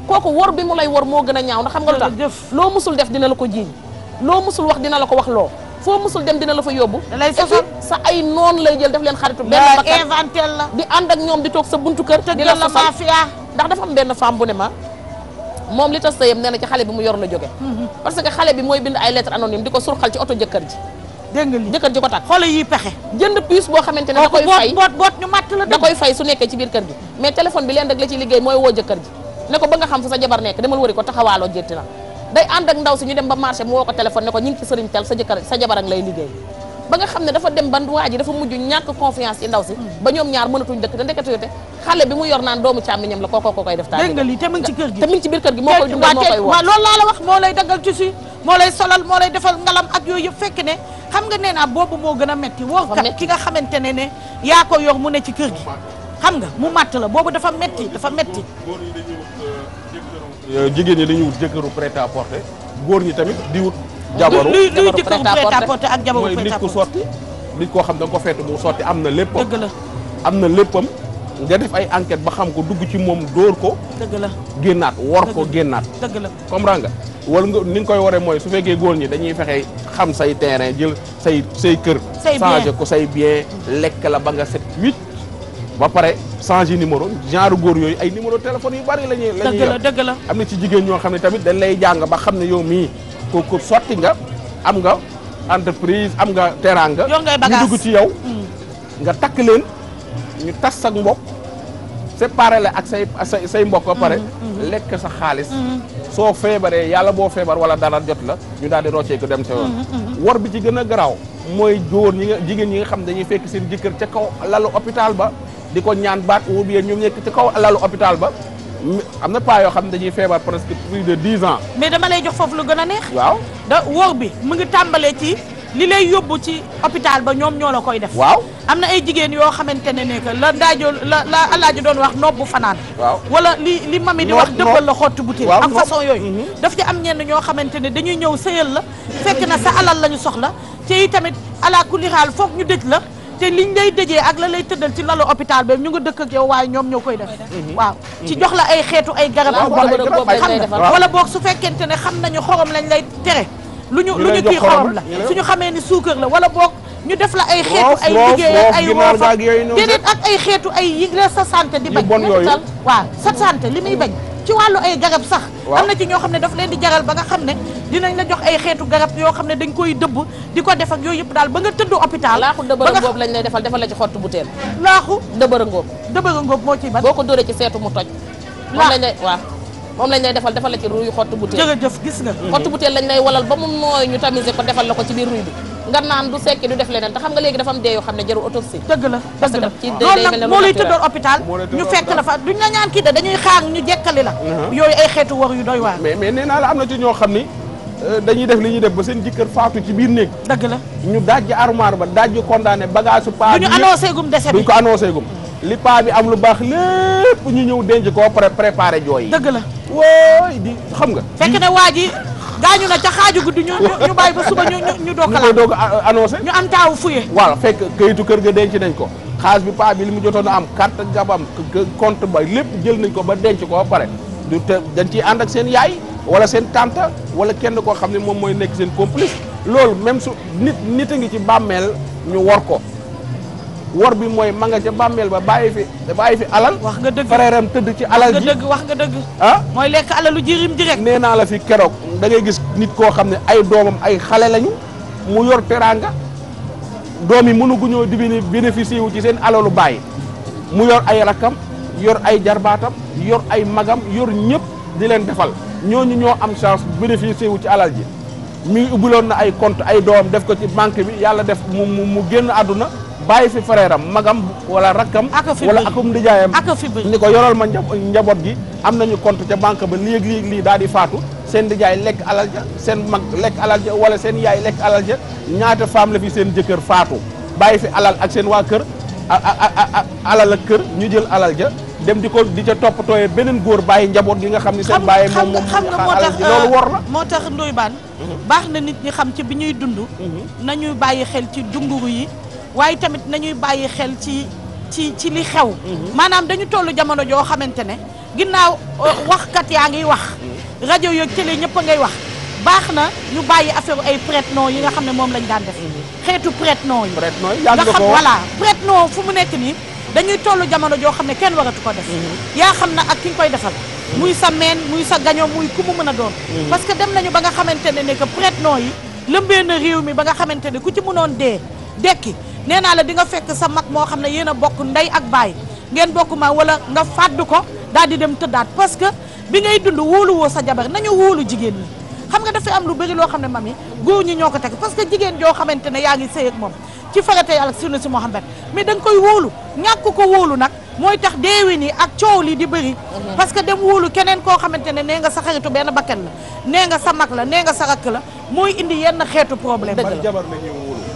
kooku wor bi mu lay wor moo gën a ñaaw ndax xam nga lu tax loo musul def dina la ko jiiñ loo musul wax dina la ko wax loo. foo musul dem dina la fa yóbbu. sa ay noon lay jël def leen xaritu. benn bakkan la di ànd ak ñoom di toog sa buntu kër. di la sosal ndax dafa am benn femme bu ne ma. moom li tas sëyam nee na ci xale bi mu yor la jóge parce que xale bi mooy bind ay lettre anonyme di ko surxal ci oto jëkkër ji ko takk xoolal yi pexe jënd puce boo xamante ne da koy fay su nekkee ci biir kër gi mais téléphone bi leen rek la ciy liggéey mooy woo jëkkër ji ne ko ba nga xam fu sa jabar nekk demal wëri ko taxawaaloo jétti na day ànd ak ndaw si ñu dem ba marché mu woo ko téléphone ne ko ñi ngi sëriñ tel sa jëkkër sa jabar ak lay liggéey ba nga xam ne dafa dem ban waa ji dafa mujj ñàkk confiance ci ndaw si ba ñoom ñaar mënatuñ dëkk te ndekete yote xale bi mu yor naan doomu càmmiñam la kookoo ko koy def taal dégg nga lii te mu ngi ci kër gi te mu ngi ci biir kër gi moo koy dundal moo koy woo loolu laa la wax moo lay daggal tissu moo lay solal moo lay defal ngalam ne xam nga nee naa ne ne yaa ko yor mu ne ci xam nga mu màtt la boobu dafa metti dafa metti jigéen ñi dañuy wut jëkkëru prêt góor ñi tamit di wut jabaru luy luy jëkkëru prêt-à-porter ak jabaru prêt-à-porter mooy koo xam da nga ko feetu mu sotti am na léppam dëgg la am na léppam nga def ay enquête ba xam ko dugg ci moom dóor ko dëgg la génnaat wor ko génnaat dëgg la comprendre nga wala nga ni koy waree mooy su fekkee góor ñi dañuy fexe xam say terrain jël say say kër changé ko say bien lekk la ba nga set huit ba pare changer numéro genre goor yooyu ay numéro téléphone yu bari la ñuy la dëgg la am na ci jigéen ñoo xam ne tamit dañ lay jàng ba xam ne yow mii kooku sotti nga am nga entreprise am nga teraanga ñu dugg ci yow hmm. nga takk leen ñu tas sa mbokk séparé la ak say say say mbokk ba hmm, pare hmm. lekk sa xaalis soo feebaree yàlla boo feebar wala dara jot la ñu daal di roccee ko dem sa yoon wor bi ci gën a garaw mooy jóor ñi nga jigéen ñi nga xam dañuy fekk seen jëkkër ca kaw lalu hôpital ba di ko ñaan baat ou bien ñoom nekk ca kaw lalu hôpital ba am na paa yoo xam ne dañuy feebar presque plus de dix mais dama lay jox foofu lu gën a neex. waaw da wóor bi mu ngi tàmbalee ci li lay yóbbu ci hôpital ba ñoom ñoo la koy def. waaw am na ay jigéen yoo xamante ne ne la ndaajo la la alaaji doon wax noob fanaan. waaw wala li li mami di wax dëbbal la xottu butéel. am façon yooyu. Mhm. daf ci am ñenn ñoo xamante ne dañuy ñëw sëyal la fekk na sa alal la ñu soxla te itamit ala kulli xaal foog ñu dëj la. te liñ lay dëjee ak la lay tëddal ci lalu hôpital ba ñu nga dëkk ak yow waaye ñoom ñoo koy def mhm. waaw ci jox la ay xeetu ay garab wala boog su fekkente ne xam nañu xorom lañ lay tere lu ñu lu ñu kii xorom la ñu xamee ni suukar la wala boog ñu def la ay xeetu ay liggéey ak ay roof déedéet ak ay xeetu ay yi la sa santé di bañ waaw sa sante li muy bañ ci wàllu ay garab sax am na ci ñoo xam ne daf leen di jaral ba nga xam ne dinañ la jox ay xeetu garab yoo xam ne dañ koy dëbb di ko defak ak yooyu yëpp daal ba nga tëdd hôpital laaxu dëbëra ngóob lañ lay defal defal la ci xottu butéel laaxu dëbëra ngóob dëbëra ngóob moo boo ko doree ci seetu mu toj moom lañ lay waaw moom lañ lay defal defal la ci ruuyu xottu a jëf gis nga xottu butéel lañ lay walal ba mu nooy ñu tamiser ko defal la ko ci biir ruuy bi nga naan du sekki du def leneen te xam nga léegi dafa am dee yoo xam ne jarul autopsie dëgg la dëgg la loolu nag moo lay tëddoon ñu fekk la fa duñ la ñaan kii da dañuy xaar ñu jekkali la uh-huh. yooyu ay xeetu war yu doy waar mais mais nee naa la am na ci ñoo xam ni euh, dañuy def li ñuy def ba seen jëkkër faatu ci biir néeg dëgg la ñu daaj armoire ba daaj condamné bagage su paa duñu annoncé gum décès bi duñ ko annoncé gum li paa bi am lu baax lépp ñu ñëw denc koo pare préparé jooy. dëgg la wooy di xam nga. fekk na waa ji gaañu na ca xaaju guddi ñu ñu bàyyi ba suba ñu ñu doog a. ñu doog a annoncé. ñu am taawu fuye. waaw fekk këyitu kër ga denc nañ ko xaalis bi paa bi li mu jotoon a am carte jabam compte ba lépp jël nañ ko ba denc ko ba pare du te dañ ciy ànd ak seen yaay wala seen tante wala kenn koo xam ne moom mooy nekk seen complice loolu même su nit nit a ngi ci bàmmeel ñu wor ko. wor bi mooy manga nga ca bàmmeel ba bàyyi fi bàyyi fi alal. wax nga dëgg fareeram tëdd ci alal ji wax nga dëgg wax nga dëgg. ah mooy lekk alalu jirim ji rek. nee naa la fi keroog da ngay gis nit koo xam ne ay doomam ay xale lañu mu yor teraanga doom yi mënuguñoo di bénéficier wu ci seen alalu bàyyi mu yor ay rakkam yor ay jarbaatam yor ay magam yor ñëpp di leen defal ñooñu ñoo am chance bénéficier wu ci alal ji mi ubbiloon na ay compte ay doomam def ko ci banque bi yàlla def mu mu génn àdduna. bàyyi fi frère am magam wala rakkam wala akum ndijaayam ni ko yoral ma njaboot gi am nañu compte ca banque ba léegi lii daal di faatu seen ndijaay lekk alal ja seen mag lekk alal ja wala seen yaay lekk alal ja ñaata femme la fi seen jëkkër faatu bàyyi fi alal ak seen waa kër alal ak kër ñu jël alal ja dem di ko di ca toppatooyee beneen góor bàyyi njaboot gi nga xam ni seen bàyyi moom moom xam nga euh, moo tax loolu war la moo tax ndoy baan mhm. baax na nit ñi xam ci bi ñuy dund mhm. nañuy bàyyi xel ci dunguru yi waaye tamit nañuy bàyyi xel ci ci ci li xew mhm. maanaam dañu toll jamono joo xamante ne ginnaaw euh, kat yaa ngiy wax mhm. rajo yooyu télé ñëpp ngay wax baax na ñu bàyyi affaire ay prête-nom yi nga xam ne moom lañ daan def mhm. xeetu prête-nom yi nga xam voilà prête-nom fu mu nekk nii dañuy toll jamono joo xam ne kenn waratu ko def yaa xam na ak ki nga koy defal muy sa meen muy sa gaño muy ku mu mën a doon parce que dem nañu ba nga xamante ne ne que prête yi lëmbee na réew mi ba nga xamante ne ku ci mënoon dee dekki nee naa la di nga fekk sa mag moo xam ne yéen a bokk ndey ak baay ngeen bokk ma wala nga fàdd ko daal di dem tëddaat parce que bi ngay dund wóoluwoo sa jabar nañu wóolu jigéen ñi xam nga dafay am lu bëri loo xam ne mami góor ñi ñoo ko teg parce que jigéen joo xamante ne yaa ngi sëy ak moom ci farate yàlla ak sunna si Muhammad mais danga koy wóolu ñàkk ko wóolu nag mooy tax deewin yi ak coow lii di bëri mhm. parce que dem wóolu keneen koo xamante ne nee nga sa xaritu benn bakkan la nee nga sa mag la nee nga sa rakk la mooy indi yenn xeetu problème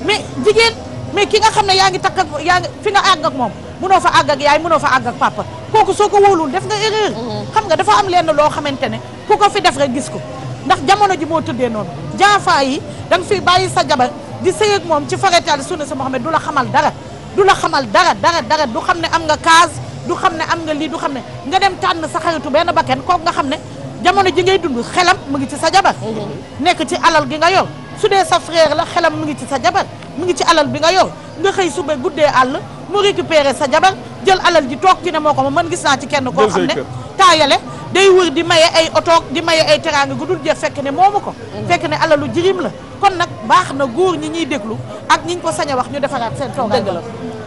mais jigéen mais ki nga xam ne yaa ngi takk ak yaa ngi fi nga àgg ak moom mënoo fa àgg ak yaay mënoo fa àgg ak papa kooku soo ko wóolul def nga erreur. Mhm. xam nga dafa am lenn loo xamante ne ku ko fi def rek gis ko ndax jamono ji moo tëddee noonu jaafa yi da nga bàyyi sa jabar di sëy ak moom ci farataalu sunna sa Muhammad du la xamal dara du la xamal dara dara dara du xam ne am nga kaas du xam ne am nga lii du xam ne nga dem tànn sa xaritu benn bakken kooku nga xam ne jamono ji ngay dund xelam mu ngi ci sa jabar mhm. nekk ci alal gi nga yor su dee sa frère la xelam mu ngi ci sa jabar mu ngi ci alal bi nga yor nga xëy suba guddee àll mu récupérer sa jabar jël alal ji toog ci ne moo ko ma mën kenn koo xam ne taayale day di ay otoog di maye ay teraanga gu dul ne moomu ko mhm. fekk ne alalu jirim la kon nag baax na góor ñi ñuy déglu ak ñiñ ko sañ a wax ñu defaraat seen toogaay dëgg la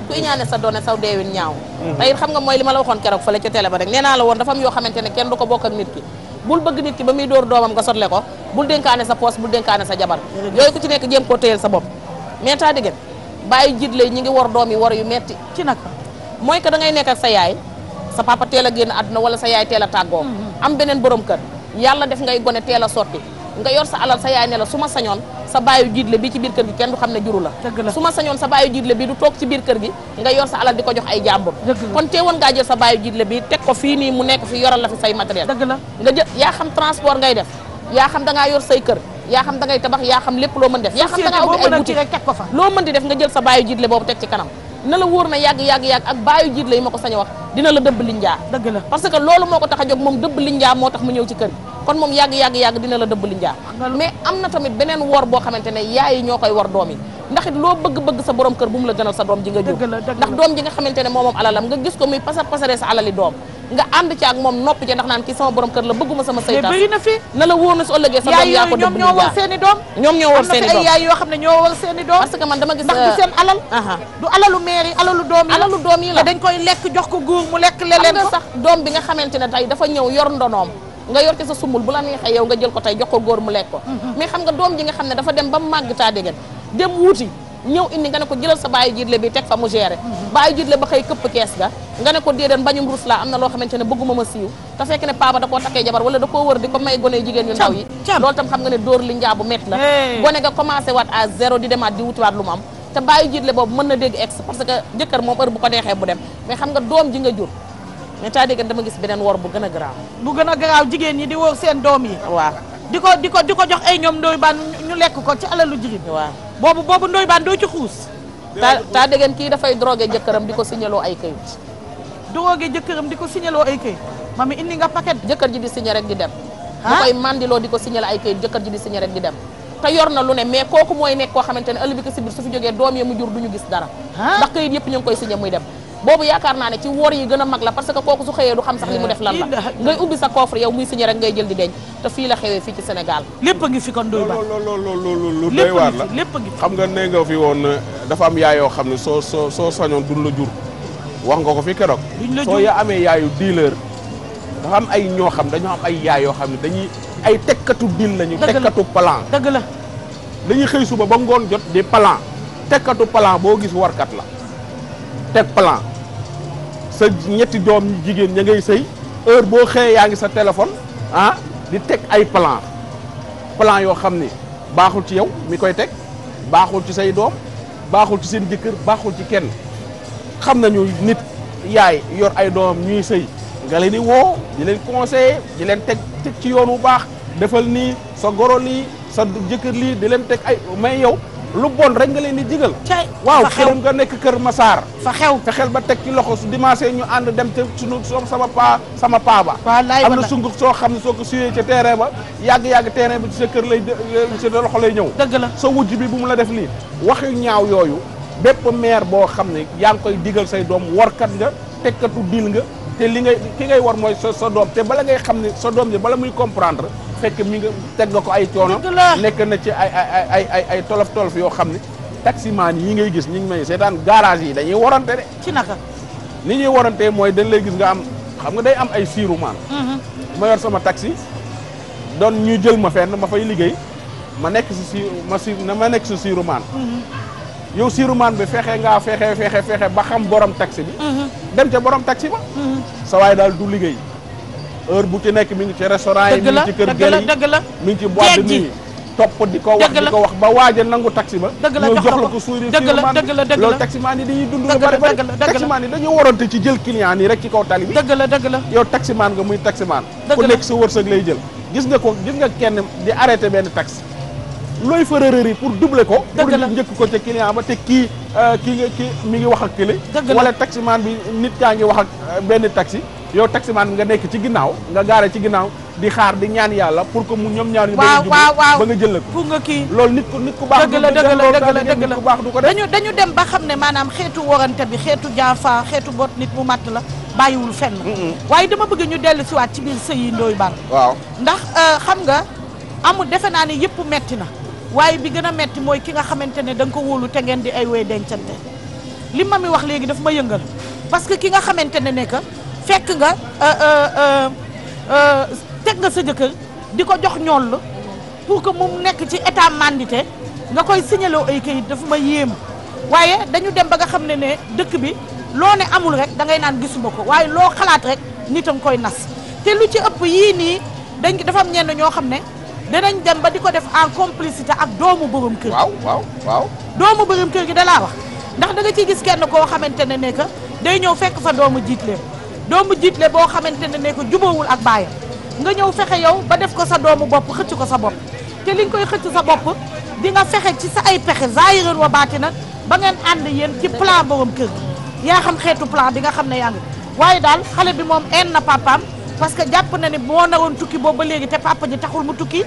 ku ñaane sa doone saw deewin ñaaw mhm. tey xam nga mooy li ma la waxoon keroog fële ca télé ba rek nee la woon dafa am yoo xamante ne ko bokk ak nit bul bëgg nit ki ba muy door doomam nga sotle ko bul dénkaane sa poos bul dénkaane sa jabar yooyu ku ci nekk jéem koo téyel sa bopp mais taa diggen bàyyi jiit lay ñi ngi war doom yi war yu metti ci nag mooy que da ngay nekk sa yaay sa papa teel a génn àdduna wala sa yaay teel a tàggoo mm-hmm. am beneen borom kër yàlla def ngay gone teel a sotti nga yor sa alal sa yaay ne la su ma sañoon sa baayu jiitle bi ci biir kër gi kenn du xam ne juru la su ma sañoon sa baayu jiitle bi du toog ci biir kër gi nga yor sa alal di ko jox ay jàmbur kon teewoon ngaa jël sa baayu jiitle bi teg ko fii nii mu nekk fi yoral la fi say matériel nga jël yaa xam transport ngay def yaa xam dangaa yor say kër yaa xam da ngay tabax yaa xam lépp loo mën def yaa xam da ngaa ubbi ay boutique loo mën di def nga jël sa baayu jiitle boobu teg ci kanam na la wóor na yàgg yàgg yàgg ak baayu jiit la yi ma ko sañ a wax dina la dëbb linjaa dëgg parce que loolu moo ko tax a jóg moom dëbb linjaa moo tax mu ñëw ci kër gi kon moom yàgg yàgg yàgg dina la dëbb linjaa mais am na tamit beneen wor boo xamante ne yaay yi ñoo koy war doom yi ndax it loo bëgg-bëgg sa borom kër bu mu la gënal sa doom ji nga jóg ndax doom ji nga xamante ne moomoom alalam nga gis ko muy pasar pasare sa alali doom nga ànd ci ak moom nopp ci ndax naan kii sama borom kër la bëgguma sama sëy bëri na fi na la wóor na su ëllëgee sa doom yaa ko ñoom ñoo war seen i doom am na fi ay yaay yoo xam ne ñoo euh, doom yi la dañ koy lekk jox ko góor mu lekk leleen ko sax doom bi nga xamante ne tey dafa ñëw yor ndonoom nga yor ci sa sumbul bu la neexee yow nga jël ko tey jox ko góor mu lekk ko mm-hmm. mais xam nga doom ji nga xam ne dafa dem ba màgg taa dégg dem wuuti ñëw indi nga ne ko jëlal sa bàyyi jiitle bi teg fa mu géré bàyyi jiitle ba xëy këpp kees ga nga ne ko déedéet bañum rus la am na loo xamante ne bëgguma ma siiw te fekk ne paaba da koo takkee jabar wala da koo wër di ko may gone jigéen ñu ndaw yi loolu tam xam nga ne dóor li njaabu métti la gone nga commencé waat à zéro di demaat di wutiwaat lu mu am te bàyyi jiitle boobu mën na dégg ex parce que jëkkër moom heure bu ko neexee bu dem mais xam nga doom ji nga jur mais taa dégg dama gis beneen wor bu gën a garaaw bu gën a garaaw jigéen ñi di woo seen doom yi waaw di ko di ko di ko jox ay ñoom ndoy baan ñu lekk ko ci alalu jigéen waa boobu boobu ndoy baan doo ci xuus ta taa dégg kii dafay drogué jëkkëram di ko signaloo ay kayit drogué jëkkëram di ko signaloo ay kayit mami indi nga paquet jëkkër ji di signé rek di dem bu koy mandiloo di ko signalé ay kayit di signé rek di dem te yor na lu ne mais kooku mooy nekk koo xamante ne ëllëg si biir su fi jógee doom ya mu jur duñu gis dara ndax kayit yëpp ñu ngi koy signé muy dem boobu yaakaar naa ne ci woor yi gën a mag la parce que kooku su xëyee du xam sax li mu def lan la ngay ubbi sa coffre yow muy signé rek ngay jël di denc te fii la xewee fii ci Sénégal lépp a ngi fi kon doy waar lu doy la lépp a xam nga ne nga fi woon dafa am yaayoo xam ne soo soo soo sañoon duñ la jur wax nga ko fi keroog soo ya amee yaayu dealer dafa am ay ñoo xam dañoo am ay yaay yoo xam ne dañuy ay tekkatu deal lañu tekkatu plan dëgg la dañuy xëy suba ba ngoon jot di plan tekkatu plan boo gis warkat la teg sa ñetti doom jigéen ña ngay sëy heure boo xëyee yaa ngi sa téléphone ah di teg ay plan plan yoo xam ni baaxul ci yow mi koy teg baaxul ci say doom baaxul ci seen jëkkër baaxul ci kenn xam nañu nit yaay yor ay doom ñuy sëy nga leen di woo di leen conseiller di leen teg teg ci yoon wu baax defal nii sa goro lii sa jëkkër lii di leen teg ay may yow lu bon rek nga leen di digal. waaw xew nga nekk Kër Massar. fa xew fexeel ba teg ci loxo su dimanche ñu ànd dem te sunu sama paa sama paa ba. am na sunguf soo xam ne soo ko suyee ca terrain ba yàgg-yàgg terrain ba ci sa kër lay ci sa loxo lay ñëw. dëgg la sa wujj bi bu mu la def lii. waxu ñaaw yooyu bépp maire boo xam ne yaa ngi koy digal say doom warkat nga tekkatu dil nga te li ngay ki ngay war mooy sa sa doom te bala ngay xam ne sa doom yi bala muy comprendre. fekk mi nga teg nga ko ay coono nekk na ci ay ay ay ay ay tolof tolof yoo xam ne taximaan yi ngay gis ñu ngi may seetaan garage yi dañuy warante de ci naka ni ñuy warante mooy dañ lay gis nga am xam nga day am ay siiru maan mm-hmm. ma yor sama taxi doon ñuy jël ma fenn ma fay liggéey ma nekk si si ma na ma nekk si siiru maan mm-hmm. yow siirumaan bi fexe ngaa fexe fexe fexe ba xam borom taxi bi mm-hmm. dem ca borom taxi ba sa daal du liggéey heure bu ci nekk mi ngi ci restaurant yi mi ngi ci kër gël yi mi ngi ci boîte de nuit topp di ko wax di ko wax ba waaja nangu taxi ba ñëw jox la ko suuri fiirman loolu taximaan yi dañuy dund bari bari taximaan yi dañoo warante ci jël client yi rek ci kaw tali bi dëgg la dëgg la yow taximaan nga muy taximaan ku nekk sa wërsëg lay jël gis nga ko gis nga kenn di arrêté benn taxi looy fa rërëri pour doubler ko pour njëkk ko ca client ba te kii euh, kii nga kii mi ngi wax ak kële wala taximaan bi nit kaa ngi wax ak euh, benn taxi yow maan nga nekk ci ginnaaw nga gaare ci ginnaaw di xaar di ñaan yàlla pour ko mu ñoom ñaar ñu waaw waaw waaw ba nga jël ko pour nga kii loolu nit ku nit ku baax dëgg baax du ko def dañu dem ba xam ne maanaam xeetu warante bi xeetu jaafa xeetu boot nit mu matt la bàyyiwul fenn waaye dama bëgg ñu dellu siwaat ci biir sëy yi ndooyu baan waaw ndax euh, xam nga amul defe naa ne yëpp metti na waaye bi gën a metti mooy ki nga xamante ne da nga ko wóolu te ngeen di ay woy dencante li ma mi wax léegi daf ma yëngal parce que ki nga xamante ne ne fekk nga euh, euh, euh, teg nga sa jëkkër di ko jox ñoll pour que mu nekk ci état mandité nga koy signaloo ay kayit dafa ma yéem waaye dañu dem ba nga xam ne ne dëkk bi loo ne amul rek da ngay naan gisuma ko waaye loo xalaat rek nit a koy nas te lu ci ëpp yii nii dañ dafa am ñenn ñoo xam ne danañ dem ba di ko def en complicité ak doomu borom kër waaw waaw doomu borom kër gi dalaa wax ndax da nga ciy gis kenn koo xamante ne ne day ñëw fekk fa doomu jiit leen doomu le boo xamante ne ne ko jubóowul ak baayam nga ñëw fexe yow ba def ko sa doomu bopp xëcc ko sa bopp te li koy xëcc sa bopp di nga fexe ci sa ay pexe zaayiran wa baati nag ba ngeen ànd yéen ci plan borom kër gi yaa xam xeetu plan bi nga xam ne yaa ngi waaye daal xale bi moom en na papaam parce que jàpp na ni moo naroon tukki boobu ba léegi te papa ji taxul mu tukki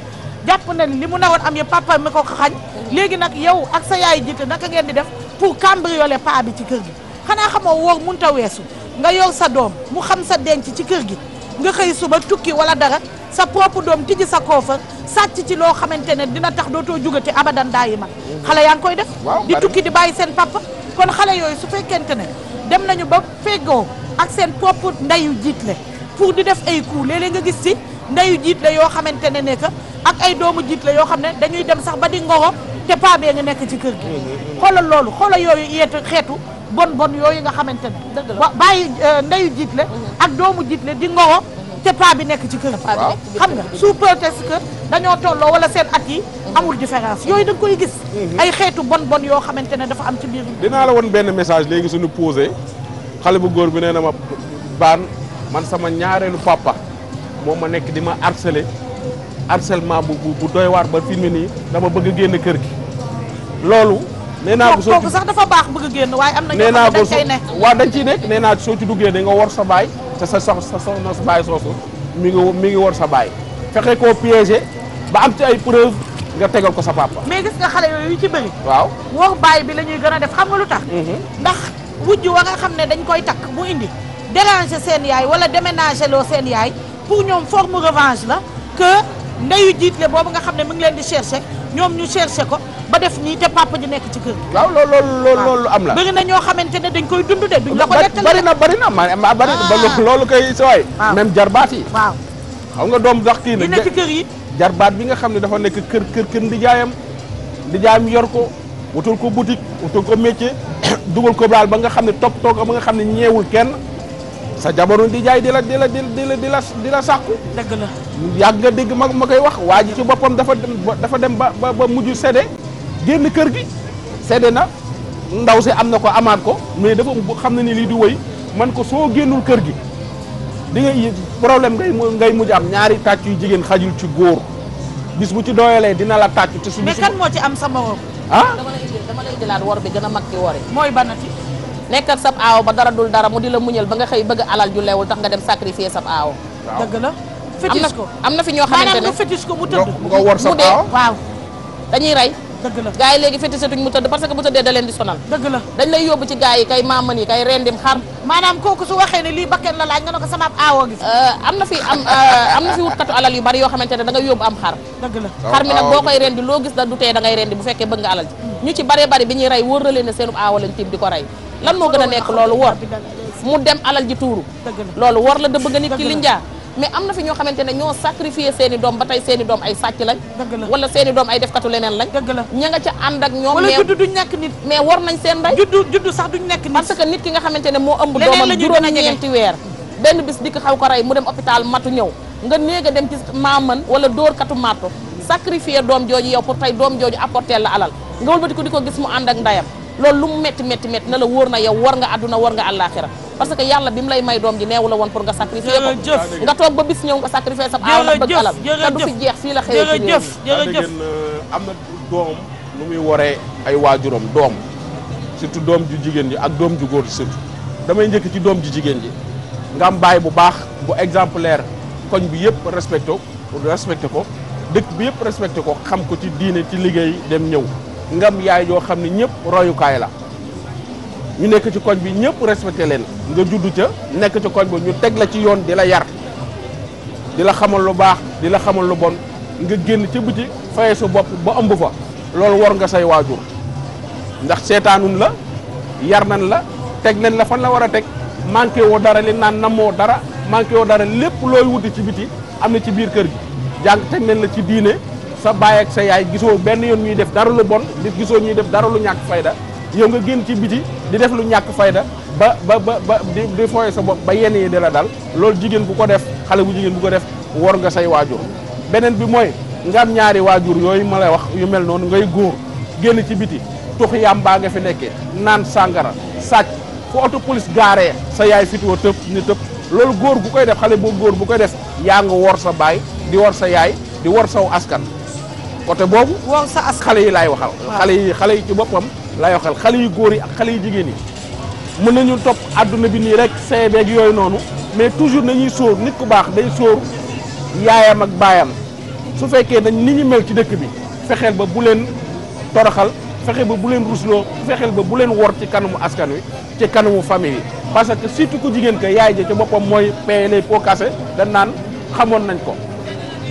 jàpp na ni li mu naroon am yëpp papa me ko xañ léegi nag yow ak sa yaay jiite naka ngeen di def pour cambrioler pa bi ci kër gi xanaa xamoo wóor mënut a weesu nga yor sa doom mu xam sa denc ci kër gi nga xëy suba tukki wala dara sa propre doom tijji sa koofar sàcc ci loo xamante ne dina tax dootoo jugati abadan daayi man xale yaa nga koy def di tukki di bàyyi seen papa kon xale yooyu su fekkente ne dem nañu ba fegoo ak seen propre ndeyu jiitle pour di def ay coup léeg-léeg nga gis ci ndeyu jiitle yoo xamante ne nekk ak ay doomu jiitle yoo xam ne dañuy dem sax ba di ngoro te paa bee nga nekk ci kër gi mm-hmm. xoolal loolu xoolal yooyu yeetu xeetu bon bon yooyu nga xamante ne. dëgg la jiit euh, ndeyu jiitle. Mhm. ak doomu jiitle di ngoro. te paa bi nekk ci kër gi. xam nga sous prétexte que dañoo tolloo wala seen at yi. Mhm. amul différence yooyu da koy gis. Mhm. ay xeetu bon bon yoo xamante ne dafa am ci biir. dinaa la won benn message léegi suñu posé xale bu góor bi nee na ma baan man sama ñaareelu papa moom ma nekk di ma harcelé harcèlement bu bu doy waar ba filmé nii dama bëgg a génn kër gi loolu. nee naa ko soo kooku sax dafa baax bëgg génn waaye am na ñoo dañ cay ne waaw dañ ciy nekk nee naa soo ci duggee da nga war sa baay te sa sox sa soxna sa baay soosu mi ngi mi sa baay fexe koo piégé ba am ci ay preuve nga tegal ko sa papa mais gis nga xale yooyu ci bëri waaw wor baay bi la ñuy gën a def xam nga lu tax mhm. ndax wujj wa nga xam ne dañ koy takk bu indi déranger seen yaay wala déménager loo seen yaay pour ñoom forme revanche la que ndeyu jiitle boobu nga xam ne mu ngi leen di cherché ñoom ñu cherché ko ba def nii te papa ji nekk ci kër gi. waaw loolu am la. bëri na ñoo xamante ne dañ koy dund de. duñ la ko bari na bari na ma bari na ah. loolu koy sooy. même jarbaat yi. waaw xam nga doom sax kii nag. dina ci kër yi jarbaat bi nga xam ne dafa nekk kër kër kër ndijaayam ndijaayam yor ko wutul ko boutique wutul ko métier (coughs) dugal ko daal ba nga xam ne toog toog ba nga xam ne ñeewul kenn sa jabaru di jaay di la di la di la di la di la sàkku. yàgg nga dégg ma ma koy wax waa ji ci boppam dafa dem dafa dem ba ba mujj sédde génn kër gi sédde na ndaw si am na ko amaat ko mais dafa xam ne ni lii di wëy man ko soo génnul kër gi di nga problème ngay ngay mujj am ñaari tàcc yu jigéen xajul ci góor bis bu ci doyalee dina la tàcc. ci su mais kan moo ci am sama borom. ah dama lay jël dama lay jëlaat wor nekk ak sab aaw ba dara dul dara mu di la muñal ba nga xëy bëgg alal ju leewul tax nga dem sacrifier sab aaw dëgg la fétiche ko am na fi ñoo xamante ne fétiche ko mu tëdd nga war sab mu tëdd que bu tëddee da leen di sonal dëgg la dañ lay yóbbu ci gars yi kay maaman yi kay rendim xar maanaam kooku su waxee ne lii bakken la laaj nga ne ko sama aawo gi euh, am na fi am euh, am na fi wutkatu alal yu bari yoo xamante ne da nga yóbbu am xar dëgg la xar mi nag boo koy rendi loo gis da du tee da ngay rendi bu fekkee bëgg nga mm. ci baree bari bi ñuy rey wóor leen ne seenu aawo lañ di ko rey lan moo gën a nekk loolu wor mu dem alal ji tuuru loolu wor la da bëgg a nit ki linjaa mais am na fi ñoo xamante ne ñoo sacrifié seeni doom ba tey seen doom ay sàcc lañ wala seeni doom ay defkatu leneen lañ ña nga ca ànd ak ñoom wala juddu duñ nit mais war nañ seen ndey juddu juddu sax duñ nekk nit que nit ki nga xamante ne moo ëmb doomam juróom ñeenti weer benn bis dikk xaw ko rey mu dem hôpital matu ñëw nga néega a dem ci maaman wala dóor katu matu sacrifié doom jooju yow pour tey doom jooju apporter la alal nga wëlbati ko di ko gis mu ànd ak ndayam loolu lu mu métti métti métti na la wóor na yow war nga àdduna war nga àllaaxira parce que yàlla bi mu lay may doom ji neewu la woon pour nga sacrifier ko nga toog ba bis ñëw nga sacrifier sa aaw nag bëgg alal te du fi jeex fii la xëy jërëjëf jërëjëf euh, am na doom nu muy waree ay waajuram doom surtout doom ju jigéen ji ak doom ju góor surtout damay njëkk ci doom ju jigéen ji nga am baay bu baax bu exemplaire koñ bi yëpp respecté respecté ko dëkk bi yëpp respecté ko xam ko ci diine ci liggéey dem ñëw ngam yaay joo xam ne ñëpp royukaay la ñu nekk ci koñ bi ñëpp respecté leen nga judd ca nekk ci koñ bi ñu teg la ci yoon di la yar di la xamal lu baax di la xamal lu bon nga génn ca biti faye sa bopp ba ëmb fa loolu war nga say waajur ndax seetaanun la yar nan la teg nañ la fan la war a teg manqué woo dara li naan namoo dara manqué woo dara lépp looy wuti ci biti am na ci biir kër gi jàng teg nañ la ci diine sa baay ak sa yaay gisoo benn yoon ñuy def dara lu bon di gisoo ñuy def dara lu ñàkk fayda yow nga génn ci biti di def lu ñàkk fayda ba ba ba ba di di sa bopp ba yenn di la dal loolu jigéen bu ko def xale bu jigéen bu ko def war nga say waajur beneen bi mooy nga ñaari waajur yooyu ma lay wax yu mel noonu ngay góor génn ci biti tux baa nga fi nekkee naan sàngara sàcc fu oto police gaaree sa yaay fitoo tëb ni tëb loolu góor bu koy def xale boo góor bu koy def yaa nga wor sa baay di wor sa yaay di wor saw askan côté boobu xale yi laay waxal xale yi xale yi ci boppam laay waxal xale yu góor yi ak xale yu jigéen yi mën nañu topp àdduna bi nii rek seebeeg yooyu noonu mais toujours nañuy sóor nit ku baax day sóor yaayam ak baayam su fekkee dañ ni ñu mel ci dëkk bi fexeel ba bu leen toroxal fexe ba bu leen rusloo fexeel ba bu leen wor ci kanamu askan wi ci kanamu famille yi parce que surtout ko jigéen ka yaay ja ca boppam mooy paye les pots cassés dañ naan xamoon nañ ko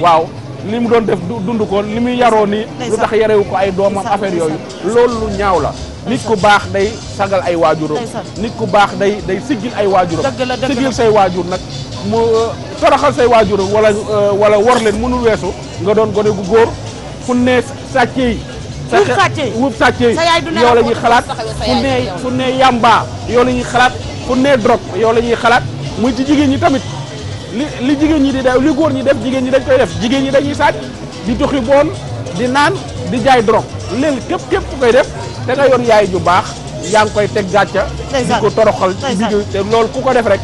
waaw li mu doon def dund ko li muy yaroo ni lu tax yarewu ko ay doomam affaire yooyu loolu lu ñaaw la nit ku baax day sagal ay waajuram nit ku baax day day siggil ay waajuram siggil say waajur nag mu euh, toroxal say waajur wala euh, wala war leen mënul weesu nga doon gone gu góor fun ne sàcce yi wub sàcce yi yow la ñuy xalaat fu ne fu ne yamba yow la ñuy xalaat fu ne drogue yow la ñuy xalaat muy ci jigéen ñi tamit li li jigéen ñi di def li góor ñi def jigéen ñi dañ koy def jigéen ñi dañuy sàcc di tuxi boon di naan di jaay drogue léegi képp képp ku koy def da nga yor yaay ju baax yaa ngi koy teg gàcca di ko toroxal ci digg te loolu ku ko def rek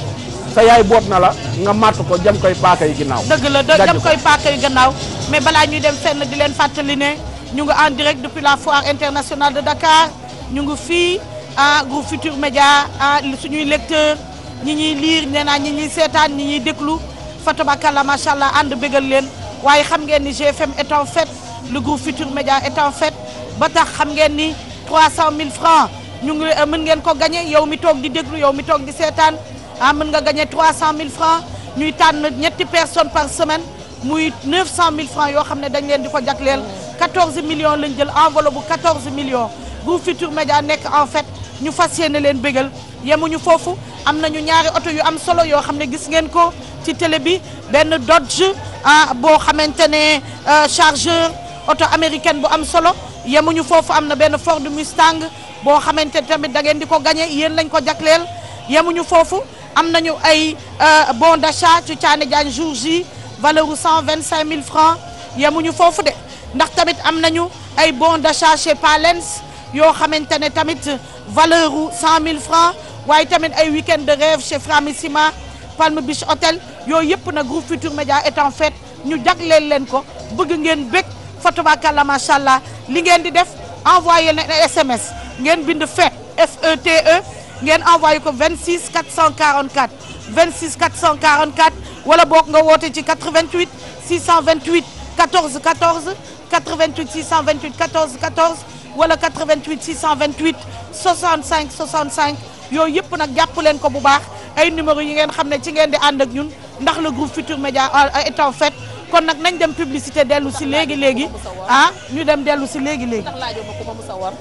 sa yaay boot na la nga màtt ko jam koy paaka yi ginnaaw dëgg la jam koy paaka yi gannaaw mais balaa ñuy dem fenn di leen fàttali ne ñu ngi en direct depuis la foire internationale de Dakar ñu ngi fii ah groupe Futur Média ah suñuy lecteur ñi ñuy liir nee naa ñi ñuy seetaan ñi ñuy déglu fatabakalla macha allah ànd bégal leen waaye xam ngeen ni GFM est en fête le groupe Futur Média est en fête ba tax xam ngeen ni 300 mille francs ñu ngi euh, mën ngeen ko gagné yow mi toog di déglu yow mi toog di seetaan ah mën nga gagné cent mille francs ñuy tànn ñetti personne par semaine muy 900 000 francs yoo xam ne dañ leen di ko jagleel 14 millions lañ jël enveloppe bu 14 millions groupe Futur Média nekk en fête ñu fas yéene leen bégal yemuñu foofu am nañu ñaari oto yu am solo yoo xam ne gis ngeen ko ci télé bi benn Dodge ah boo xamante ne euh, chargeur oto américaine bu am solo yemuñu foofu am na benn Ford Mustang boo xamante tamit da ngeen di ko gañe yéen lañ ko jagleel yemuñu foofu am nañu ay euh, bon d'achat ci Thiané Diagne jour J valeur bu cent vingt cinq mille francs yemuñu foofu de ndax tamit am nañu ay bon d'achat chez Palens yoo xamante ne tamit valeur u cent mille francs waaye tamit ay week-end de rêve chez Framissima Palm Beach Hotel yooyu yëpp na groupe Futur Média est fête ñu jagleel leen ko bëgg ngeen bëgg fatubaakàlla macha allah li geen di def envoyé leen SMS ngeen bind fête FETE ngeen envoyé ko 26 444 26 444 wala boog nga woote ci 88 628 14 14 88 628 14 14 wala 88 628 65 65. yooyu yëpp nag jàpp leen ko bu baax ay numéro yi ngeen xam ne ci ngeen di ànd ak ñun ndax le groupe Futur Média euh, est en fait kon nag nañ dem publicité dellu si léegi léegi ah ñu dem dellu si léegi léegi. ndax laajoo ma ku ma musa wor.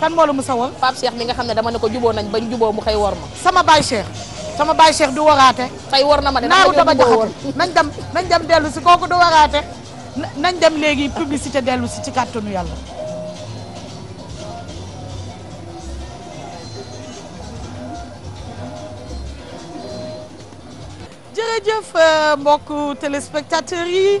kan moo la musa wor. mi nga xam ne dama ne ko juboo nañ bañ juboo mu xëy wor ma. sama baay Cheikh sama baay Cheikh du waraate. tey wor na ma de naaw dama jaxat nañ dem nañ dem dellu si kooku du waraate nañ dem léegi publicité dellu si ci kàttanu yàlla. jërëjëf euh, mbokk téléspectateurs yi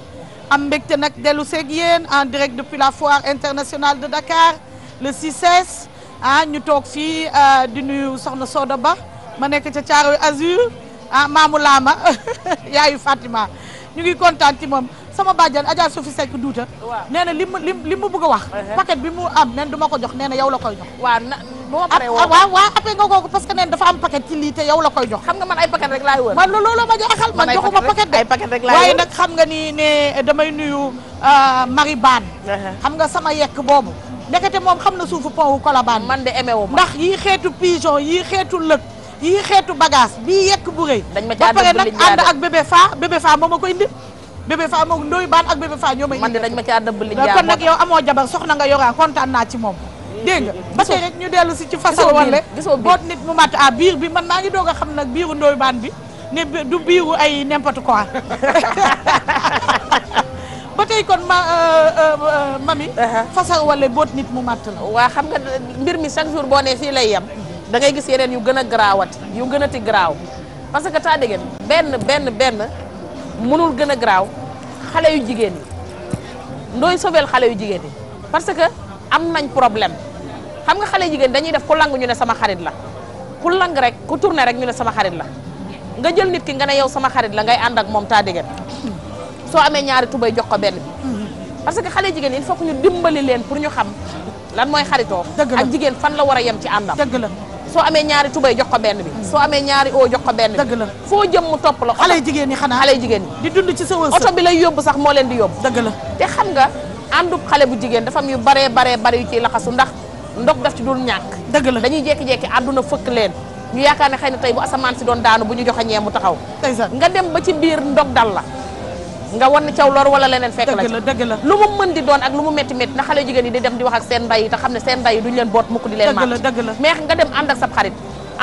am mbégte nag dellu seeg yéen en direct de la foire internationale de Dakar le 6S ah ñu toog fii euh, di nuyu soxna Soda Ba ma nekk ca Caaroy Azur ah maamu laama (laughs) yaayu Fatima ñu ngi kontaan ci moom sama bàjjan Adja Sofi Seck duuta nee na li mu li mu bëgg a wax uh-huh. paquet bi mu am nen du ma ko jox nee na yow la koy jox bu ma paree woo ah, waaw waaw appel nga kooku parce que neen dafa am paquet ci lii te yow la koy jox xam nga man ay paquet rek laay wër man loolu ma jaaxal man joxuma paquet de waaye nag xam nga ni ne damay nuyu euh, Marie Bane xam nga sama yekk boobu ndekete moom xam na suufu pont wu Colobane man de emewu ma ndax yii xeetu pigeon yii xeetu lëg yii xeetu bagage bii yekk bu rëy ba pare nag ànd ak bébé faa bébé faa moo ma koy indi bébé faa moom ndoy baan ak bébé faa ñoo may indi man de dañ ma caa dëbb li euh, kon nag yow amoo jabar soxna nga yoraa kontaan naa ci moom dégg nga ba tey rek ñu dellu si ci façon wan rek boot nit mu mat ah biir bi man maa ngi doog a xam nag biiru ndoy baan bi ne du biiru ay n'importe quoi (laughs) ba tey kon ma euh, euh, mami fasal wala boot nit mu matt la waa xam nga mbir mi chaque jour boo ne fii lay yem da ngay gis yeneen yu gën a garaawati yu gën a ti garaaw parce que taa dégg benn benn benn mënul gën a garaaw xale yu jigéen yi ndooy sobeel xale yu jigéen yi am nañ problème xam nga xale jigéen dañuy def ku lang ñu ne sama xarit la ku lang rek ku turne rek ñu ne sama xarit la nga jël nit ki nga ne yow sama xarit la ngay ànd moom taa dégg soo amee ñaari tubay jox ko benn parce que xale jigéen il faut ñu dimbali leen pour ñu xam lan mooy xaritoo ak jigéen fan la war a yem ci àndam dëgg la soo amee ñaari tubay jox ko benn bi soo amee ñaari oo jox ko benn bi dëgg foo jëm mu topp la xale jigéen ñi xanaa xale jigéen ñi di dund ci sa wërsëg oto bi lay yóbbu sax moo leen di yóbbu dëgg la te xam nga àndub xale bu jigéen dafa am yu baree baree bare yu ciy laxasu ndax ndox daf ci dul ñàkk dëgg la dañuy jekki-jekki àdduna fëkk leen ñu yaakaar ne xëy na tey bu asamaan si doon daanu bu ñu joxe ñee mu taxaw nga dem ba ci biir ndog dal la nga wan caw lor wala leneen fekk la dëgg la lu mu mën di doon ak lu mu métti métti na xale jigéen yi di dem di wax ak seen ndey yi te xam ne seen ndey yi duñu leen boot mukk di leen màtt dëgg la mais nga dem ànd ak sab xarit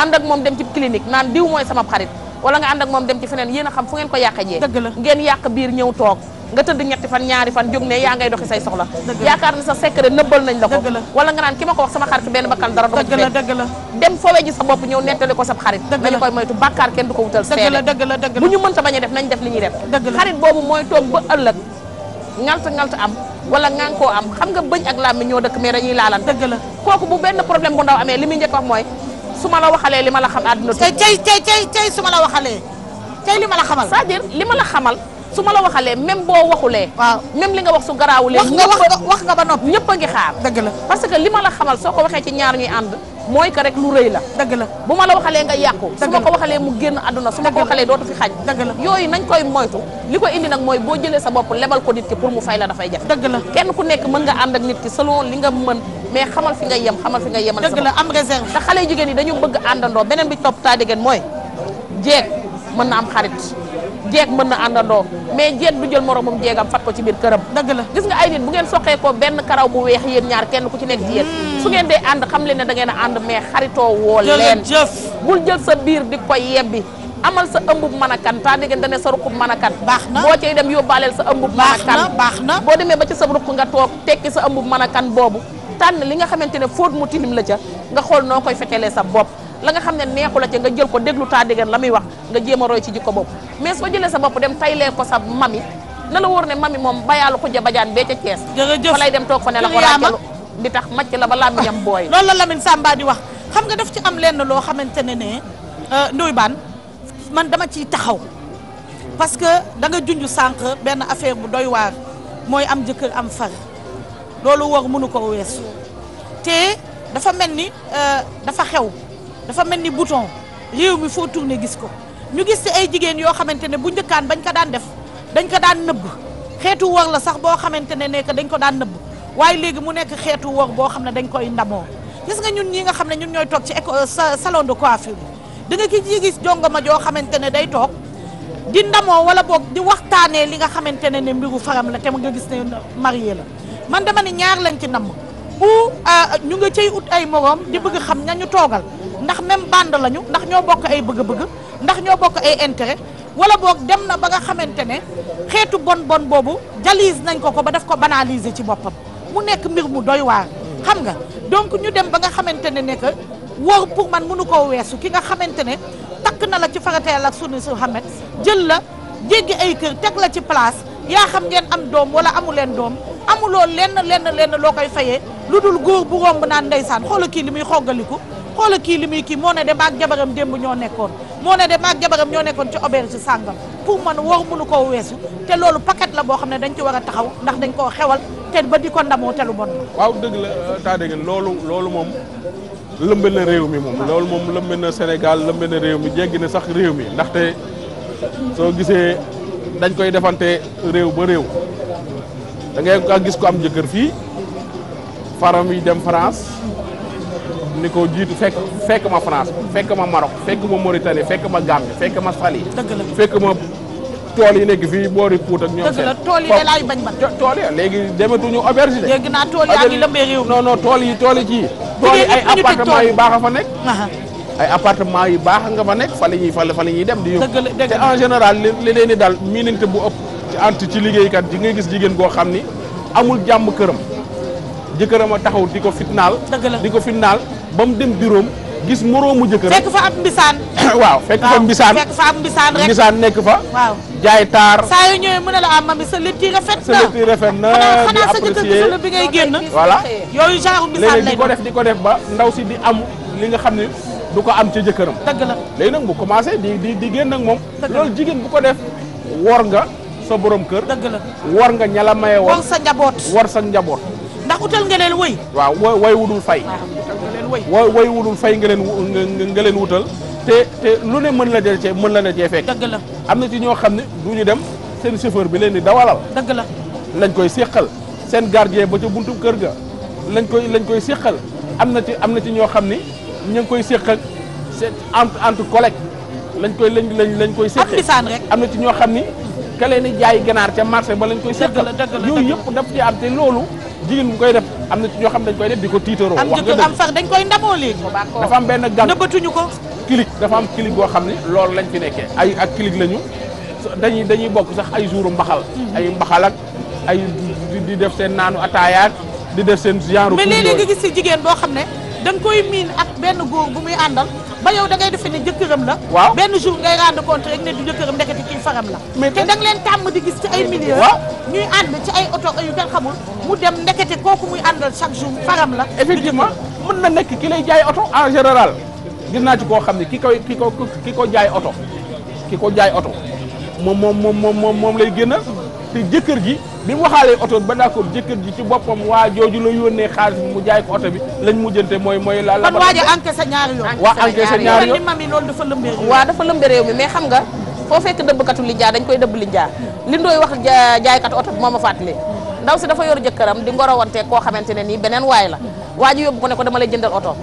ànd ak moom dem naan diw mooy sama xarit wala nga ànd ak moom dem ci feneen yéen xam fu ngeen ko yàqe jee ngeen yàq biir ñëw toog nga tëdd ñetti fan ñaari fan jóg ne yaa ngay doxi say soxla yaakaar ne sa secret nëbbal nañ la ko wala nga naan ki ma ko wax sama xarit benn bakkan dara dëgg la dëgg la dem foowee ji sa bopp ñëw nettali ko sa xarit dañu koy moytu bàkkaar kenn du ko wutal seede bu ñu mënta bañ a def nañ def li ñuy def xarit boobu mooy toog ba ëllëg ngalt ngalt am wala ngaan koo am xam nga bëñ ak làmmiñ ñoo dëkk mais dañuy laalan dëgg la kooku bu benn problème bu ndaw amee li muy njëkk wax mooy su ma la waxalee li ma la xam àdduna tey tey tey tey su ma la waxalee tey li ma la xamal c'est-à-dire li ma la xamal su ma la waxalee même boo waxulee. waaw même li nga wax su garaawulee. wax nga wax nga ba noppi ñëpp a ngi xaar. dëgg la parce que li ma la xamal soo ko waxee ci ñaar ñuy ànd. mooy que rek lu rëy la. bu ma la waxalee nga yàqu. su ma ko waxalee mu génn àdduna su ma ko waxalee dootu fi xaj. dëgg la yooyu nañ koy moytu. li ko indi nag mooy boo jëlee sa bopp lebal ko nit ki pour mu fay la dafay jafe. dëgg la kenn ku nekk mën nga ànd ak nit ki selon li nga mën mais xamal fi nga yem xamal fi nga yemal. dëgg la am réserve. te xale jigéen yi dañu bëgg àndandoo beneen bi topp taa diggéen mooy jeeg mën na am xarit jeeg mën na àndandoo mais jeeg du jël moromam jeegam fat ko ci biir këram dëgg la gis nga ay nit bu ngeen soqee ko benn karaw bu weex yéen ñaar kenn ku ci nekk ci yéen hmm. su ngeen dee ànd xam leen ne a ànd mais xaritoo woo leen bul jël sa biir di ko yebbi amal sa ëmbub mën a kan taa dégg nga ne sa ruqub mën a kan baax boo cay dem yóbbaaleel sa ëmbub a kan baax na boo demee ba ci sa ruq nga toog tekki sa ëmbub mën a kan boobu tànn li nga xamante ne fóot mu tilim la ca nga xool noo koy fetelee sa bopp la nga xam ne neexu la ca nga jël ko déglu taa dégg la muy wax nga jéem ci jikko boobu mais soo jëlee sa bopp dem taylee ko sa mami na la wóor ne mami moom bayaalu xuja bajaan bee ca Thiès fa lay dem toog ko ne la ko ràccalu di tax macc la ba làmmiñam booy loolu la Lamine Samba di wax xam nga daf ci am lenn loo xamante ne ne euh, Ndoye man dama ciy taxaw parce que danga nga junj sànq benn affaire bu doy waar mooy am jëkkër am far loolu war mënu ko weesu te dafa mel ni euh, dafa xew dafa mel ni bouton réew mi foo tourné gis ko ñu gis ci ay jigéen yoo xamante ne bu njëkkaan bañ ko daan def dañ ko daan nëbb xeetu wor la sax boo xamante ne nekk dañ ko daan nëbb waaye léegi mu nekk xeetu wor boo xam ne dañ koy ndamoo gis nga ñun ñi nga xam ne ñun ñooy toog ci euh, salon de coiffure da nga ki gis jongoma joo xamante ne day toog di ndamoo wala boog di waxtaanee li nga xamante ne ne mbiru faram la te nga gis ne marié la man dama ne ñaar lañ ci namm ou euh, ñu nga cay ut ay moroom di bëgg xam ñañu toogal ndax même bande lañu ndax ñoo bokk ay bëgg-bëgg ndax ñoo bokk ay intérêt wala boog dem na ba nga xamante ne xeetu bon bon boobu jalise nañ ko ko ba def ko banaliser ci boppam mu nekk mbir mu doy waar xam nga donc ñu dem ba nga xamante ne ne que wóor pour man mënu koo weesu ki nga xamante ne takk na la ci farata Yàlla ak sunna Muhammad jël la jéggi ay kër teg la ci place yaa xam ngeen am doom wala amu leen doom amuloo lenn lenn lenn loo koy fayee lu dul góor bu romb naan ndeysaan xoola kii li muy xoggaliku xoola kii li muy kii moo ne de maag jabaram démb ñoo nekkoon moo ne de maag jabaram ñoo nekkoon ci auberge sàngam pour man war mënu koo weesu te loolu paquet la boo xam ne dañ ci war a taxaw ndax dañ koo xewal te ba di ko ndamoo te lu waaw dëgg la euh, taa loolu loolu moom lëmbe na réew mi moom loolu moom lëmbe na Sénégal lëmbe na réew mi jéggi na sax réew mi ndaxte soo gisee dañ koy defante réew ba réew da ngay gis ko am jëkkër fii faram yi dem France ni ko jiitu fekk fekk ma France fekk ma Maroc fekk ma Mauritanie fekk ma Gambie fekk ma Mali fekk ma tool yi nekk fii boori Pout ak ñoom seen. dëgg la tool yi de a bañ bañ. tool yi léegi demetuñu auberge de. dégg naa tool yaa ngi lëmbee réew. non tool yi tool yi ci. tool yi ay yu baax a fa nekk. ay appartement yu baax nga fa nekk fa la ñuy fa la ñuy dem. di yóbbu te en général le leen daal daal miinante bu ëpp. ci ant ci liggéeykat ji ngay gis jigéen goo xam ni amul jàmm këram jëkkëram a taxaw di ko fitnaal. di ko fitnaal. ba mu dem bureau gis moroomu jëkkër fekk fa ab mbisaan (coughs) waaw fekk fa mbisaan fekk fa ab mbisaan rek nekk fa waaw jaay taar saa yu ñëwee mu ne la ah mami sa lépp yi sa lépp yi na xanaa sa jëkkër gisul bi ngay génn voilà yooyu genre mbisaan di ko def di ko def ba ndaw si di am li nga xam ne du ko am ca jëkkëram dëgg la léegi nag bu commencé di di di génn ak moom loolu jigéen bu ko def wor nga sa boroom kër dëgg la wor nga ña la maye sa njaboot wor sa njaboot ndax utal nga wëy waaw way wudul fay woy way wulul fay nga leen nga leen wutal te te lu ne mën la cee mën la cee fekk dëgg la am na ci ñoo xam ne du ñu dem seen chauffeur bi leen di dawalal dëgg la lañ koy séqal seen gardien ba ca buntu kër ga lañ koy lañ koy séqal am na ci am na ci ñoo xam ne ñu ngi koy séq ak c'est entre entre lañ koy lañ lañ lañ koy séqee lisaan am na ci ñoo xam ni ka leen jaay ganaar ca marché ba lañ koy séqal yooyu yëpp daf ci am te loolu jigéen bu koy def am na ñoo xam dañ koy def di ko tiitaroo. am jëkkër am far dañ koy ndamoo léegi. dafa am benn gan nëbbatuñu ko. clic dafa am clic boo xam ne loolu lañ fi nekkee ay ak clic lañu dañuy dañuy bokk sax ay jouru mbaxal. Hmm. ay mbaxal ay di def seen naanu ataayaat di def seen genre. mais léeg-léeg nga gis si jigéen boo xam ne da nga koy miin ak benn góor bu muy àndal. ba yow da ngay defe ne jëkkëram la waaw benn jour ngay rendre compte rek ne du jëkkëram ndekete kii faram la te da nga leen tàmm di gis ci ay milieu ñuy ànd ci ay oto yu kenn xamul mu dem ndekete kooku muy àndal chaque jour faram la effectivement mën na nekk ki lay jaay oto en général gis naa ci xam ne ki koy ki ko ki jaay oto ki ko jaay oto moom moom moom moom moom lay génnal te jëkkër ji bi mu waxaalee oto ba d'accord jëkkër ji ci boppam waa jooju la yónnee xaalis bi mu jaay ko oto bi lañ mujjante mooy mooy la la kon waa ji encaissé ñaari yoon waa encaissé ñaari yoon mam yi dafa lëmbe waaw dafa xam nga foo fekk dëbbkatu linjaa dañ koy dëbb linjaa li ndooy wax jaaykatu oto bi moo ma fàttali ndaw si dafa yor jëkkëram di ngorowante koo xamante ne nii beneen waay waa ji yóbbu ko ne ko dama lay jëndal oto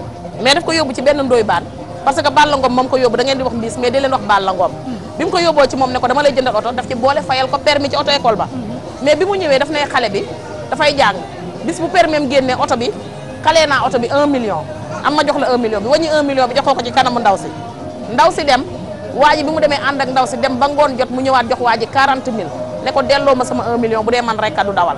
mais daf ko yóbbu ci benn ndooy baan parce que bàllangoom moom ko yóbbu da ngeen di wax mbiis mais di leen wax bàllangoom bi mu ko yóbboo ci moom ne ko dama lay jëndal oto daf ci boole fayal ko permis ci auto école ba mais bi mu ñëwee daf ne xale bi dafay jàng bis bu permis génnee oto bi xalee naa oto bi un million am ma jox la 1 million bi waññi 1 bi joxoo ko ci kanamu ndaw si ndaw si dem waa ji bi mu demee ànd ak ndaw si dem ba ngoon jot mu ñëwaat jox waa ji 40 mille ne ko delloo ma sama 1 million bu dee man rekka du dawal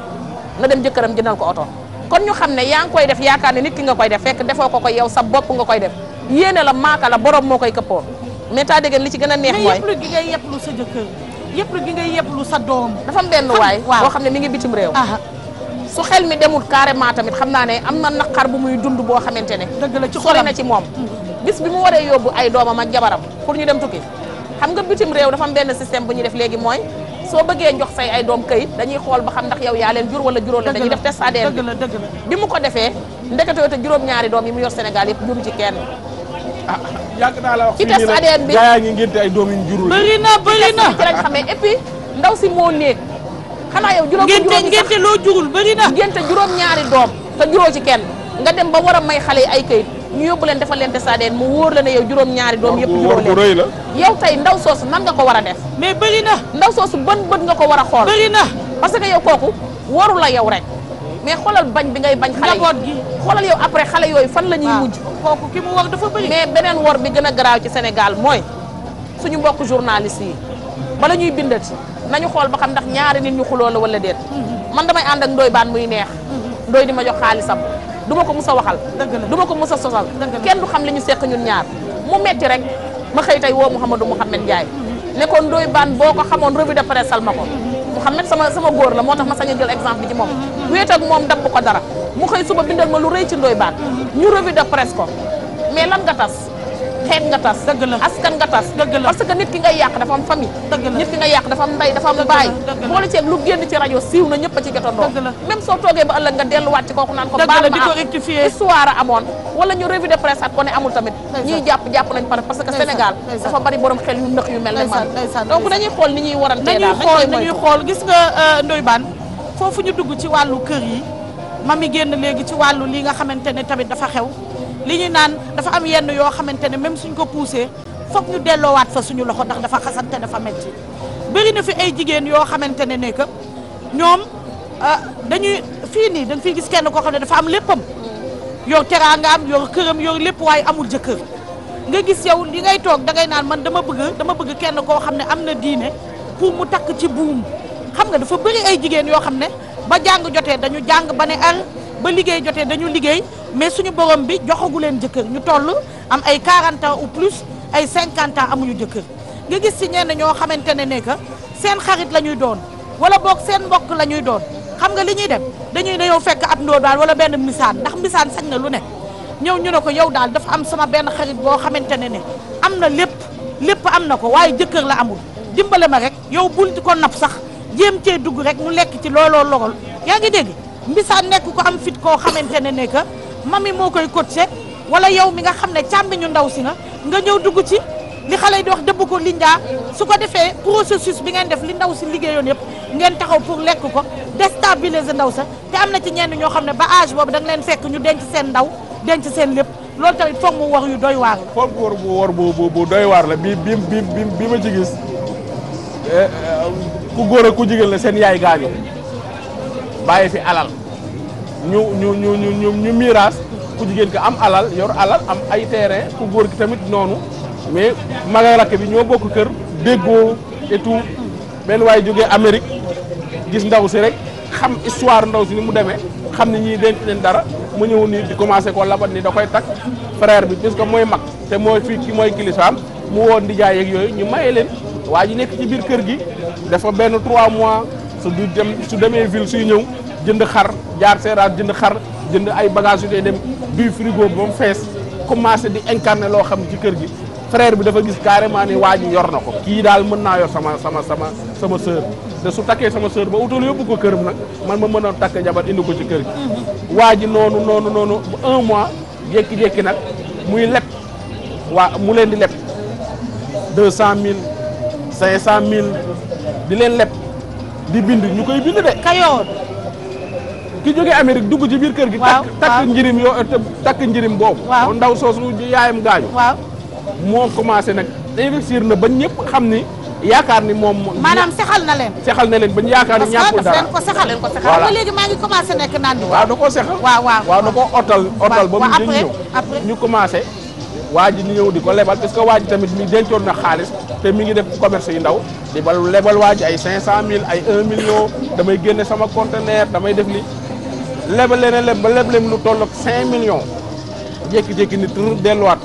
na dem jëkkëram jëndal ko oto kon ñu xam ne yaa ngi koy def yaakaar ne nit ki nga koy def fekk defoo ko ko yow sa bopp nga koy def yéene la maaka la borom moo koy këppoo mais taa li ci gën a neex mooy mais yëpp gi ngay yëpp lu sa jëkkër yëpp lu sa doom dafa am benn waay boo xam ne mi ngi bitim réew su xel mi demul carrément tamit xam naa ne am na naqar bu muy dund boo xamante ne dëgg la ci sori na ci moom bis bi mu waree yóbbu ay doomam ak jabaram pour ñu dem tukki xam nga bitim réew dafa am benn système bu ñuy def léegi mooy soo bëggee jox say ay doom këyit dañuy xool ba xam ndax yow yaa leen jur wala juróol la dañuy def test ADN bi mu ko defee ndeketewoo te juróom ñaari doom yi mu yor Sénégal yëpp juru ci kenn yàgg naa la wax. ci test ADN bi gaa ñi ngénte ay doom ñu jurul. bëri na bëri na ci lañ xamee et ndaw si moo néeg. xanaa yow juróom ngénte ngénte loo jurul bëri na. ngénte juróom ñaari doom te juróo ci kenn nga dem ba war a may xale yi ay kayit ñu yóbbu leen defal leen test ADN mu wóor la ne yow juróom ñaari doom yëpp juróo leen rëy la yow tey ndaw soosu nan nga ko war a def mais bëri na ndaw soosu bën bët nga ko war a xool bëri na parce que yow kooku waru la yow rek mais xoolal bañ bi ngay bañ xale yi xoolal yow après xale yooyu fan la ñuy mujj kooku ki mu war dafa bëri mais beneen wor bi gën a garaaw ci Sénégal mooy suñu mbokk journaliste yi bala ñuy bindati nañu xool ba xam ndax ñaari nit ñu xuloo la wala déet mhm. man damay ànd ak ndoy baan muy neex mhm. ndoy di ma jox xaalisam du ma ko mus a waxal du ma ko mus a sosal kenn du xam li ñu seq ñun ñaar mu metti rek ma xëy tey woo mu Mouhamadou Mouhamed Ndiaye mhm. ne ko ndoy baan boo ko xamoon revue de presse al ma ko xam nag sama sama góor la moo tax ma saña a jël exemple bi ci moom mm-hmm. wéet ak moom dabb ko dara mu xëy suba bindal ma lu rëy ci ndoy baat mm-hmm. ñu revue de presse ko mais lan nga xeet nga tas dëgg askan nga tas parce que nit ki ngay yàq dafa am famille nit ki ngay yàq dafa am ndey dafa am baay boole ceeg lu génn ci rajo siiw na ñëpp a ci jotandoo dëgg la même soo toogee ba ëllëg nga delluwaat ci kooku naan ko baal ma amul tamit ñiy jàpp jàpp nañ pare parce que Sénégal dafa bari borom xel yu nëx yu mel ne man donc dañuy xool ni ñuy warantee daal dañuy xool gis nga euh, Ndoye foofu ñu dugg ci wàllu kër yi mi génn léegi ci wàllu li nga xamante ne tamit dafa xew li ñuy naan dafa am yenn yoo xamante ne même suñ ko poussé foog ñu delloowaat fa suñu loxo ndax dafa xasante dafa metti bëri na fi ay jigéen yoo xamante ne ne que ñoom ah, dañuy fii nii dañ fiy gis kenn koo xam ne dafa am léppam yor teraangaam yor këram yor lépp waaye amul jëkkër nga gis yow li ngay toog dangay naan man dama bëgg dama bëgg kenn koo xam ne am na diine pour mu takk ci buum xam nga dafa bëri ay jigéen yoo xam ne ba jàng jotee dañu jàng ba ne ar ba liggéey jotee dañu liggéey mais suñu borom bi joxagu leen jëkkër ñu toll am ay 40 ans ou plus ay 50 amuñu jëkkër nga gis ci ñenn ñoo xamante ne ne que seen xarit la ñuy doon wala boog seen mbokk la ñuy doon xam nga li ñuy dem dañuy ne yow fekk ab daal wala benn misaan ndax misaan sañ na lu ne ñëw ñu ne ko yow daal dafa am sama benn xarit boo xamante ne ne am na lépp lépp am na ko waaye jëkkër la amul dimbale ma rek yow bul ko nap sax jéem cee dugg rek mu lekk ci looloo lorol yaa ngi dégg Mbissa nekk ko am fit koo xamante ne ne que mami moo koy coaché wala yow mi nga xam ne càmmiñu ndaw si nga nga ñëw dugg ci li xale yi di wax dëbb ko lindaa su ko defee processus bi ngeen def li ndaw si liggéeyoon yëpp ngeen taxaw pour lekk ko déstabiliser ndaw sa te am na ci ñenn ñoo xam ne ba âge boobu da nga leen fekk ñu denc seen ndaw denc seen lépp loolu tamit foog mu war yu doy waar la. foog mu war bu war bu doy waar la bi bi bi bi ma ci gis eh, eh, góor ak ku jigéen la seen yaay gaañu. bàyyi fi alal ñu ñu ñu ñu ñu miraas ku jigéen ki am alal yor alal am ay terrain ku góor gi tamit noonu mais magay rakk bi ñoo bokk kër déggoo et tout benn waaye jógee Amérique gis ndaw si rek xam histoire ndaw si ni mu demee xam ne ñii denc leen dara mu ñëw nii di commencé ko labat ni da koy takk frère bi que mooy mag te mooy fii mooy kilifaam mu woo ndijaay yeeg yooyu ñu maye leen waa ji nekk ci biir kër gi dafa benn 3 mois. su du dem su demee ville suy ñëw jënd xar jaar seeraat jënd xar jënd ay bagages yu dee dem bii frigo ba fees commencé di incarner loo xam ci kër gi frère bi dafa gis carrément ni waa ji yor na ko kii daal mën naa yor sama sama sama sama sœur su takkee sama sœur ba utal yóbbu ko këram nag man ma mën a takk jabar indi ko ci kër gi mhm. waa ji noonu noonu noonu ba un mois jékki-jékki nag muy leb waa mu leen di leb deux cent mille cinq cent mille di leen leb di bind ñu koy bind de. Kayoor. ki jógee Amérique dugg ci biir kër gi. waaw takk njirim yoo takk njirim boobu. ndaw soosu yaayam gaañu. waaw moo commencé nag investir na ba ñëpp xam ni. yaakaar ni moom. maanaam sexal na leen. sexal na leen ba ñu yaakaar ni ñàkkul dara parce que daf leen ko sexal leen ko da koo otal. otal ba mu jënd ñëw ñu commencé. waa ji ñëw di ko lebal parce que waa ji tamit mi dencoon na xaalis te mi ngi def commerce yu ndaw di ba lebal waa ji ay 500000 ay 1 million damay génne sama conteneur damay def li lebal leen leb ba leblem lu toll cinq 5 millions jékki-jékki nit tur delluwaat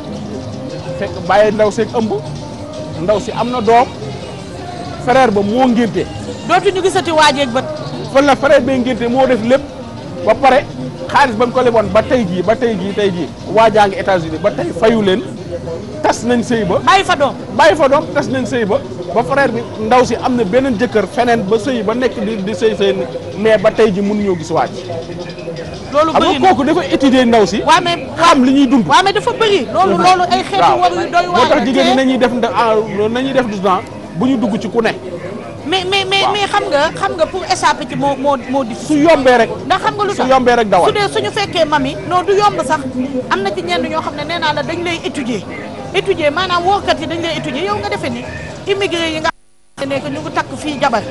fekk bàyyi ndaw seeg ëmb ndaw si am na doom frère ba moo ngénte dootuñu gisati waajeeg bët. fan na frère bay ngénte moo def lépp. ba pare xaalis ba mu ko leboon ba tey jii ba tey jii tey jii waa jaa ngi États-Unis ba tey fayu leen tas nañ sëy ba. bàyyi fa doom bàyyi fa doom tas nañ sëy ba ba frère bi ndaw si am na beneen jëkkër feneen ba sëy ba nekk di di sëy sëy mais ba tey ji mënuñoo gis waaj. loolu bëri xam nga kooku dafa étudier ndaw si. waaw mais xam li ñuy dund. waaw mais dafa bëri. loolu loolu ay xeetu waru yu doy waar moo tax jigéen ñi nañuy def ah, nañuy bu ñu dugg ci ku ne. mais mais mais xam nga xam nga pour échapper ci moo moo moo di. su yombee rek. ndax xam nga lu tax su yombee rek dawal su dee ñu fekkee mami non du yomb sax am na ci ñenn ñoo xam ne nee naa la dañ lay étudier étudier maanaam wóorkat yi dañ lay étudier yow nga defe nii immigré yi nga xam ñu ngi takk fii jabar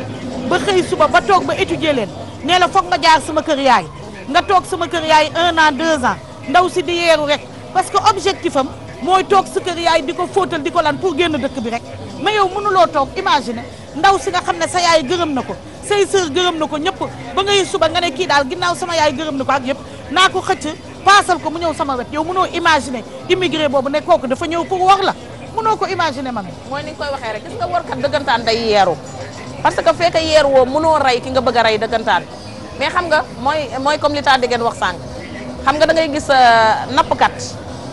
ba xëy suba ba toog ba étudier leen nee la foog ma jaar sama kër yaay nga toog sama kër yaay un an deux ans ndaw si di yeeru rek parce que objectif am mooy toog sa kër yaay di ko fóotal di ko lan pour génn dëkk bi rek. mais yow loo toog imaginer ndaw si nga xam ne sa yaay gërëm na ko say sœur gërëm na ko ñëpp ba ngay suba nga ne kii daal ginnaaw sama yaay gërëm na ko ak yëpp naa ko xëcc paasal ko mu ñëw sama wet yow mënoo imaginer immigré boobu ne kooku dafa ñëw pour war la mënoo ko imaginer man mooy ni koy waxee rek gis nga warkat dëggantaan day yeeru parce que fekk yeer woo mënoo rey ki nga bëgg a rey dëggantaan mais xam nga mooy mooy comme li taa ngeen wax sànq xam nga da ngay gis euh, nappkat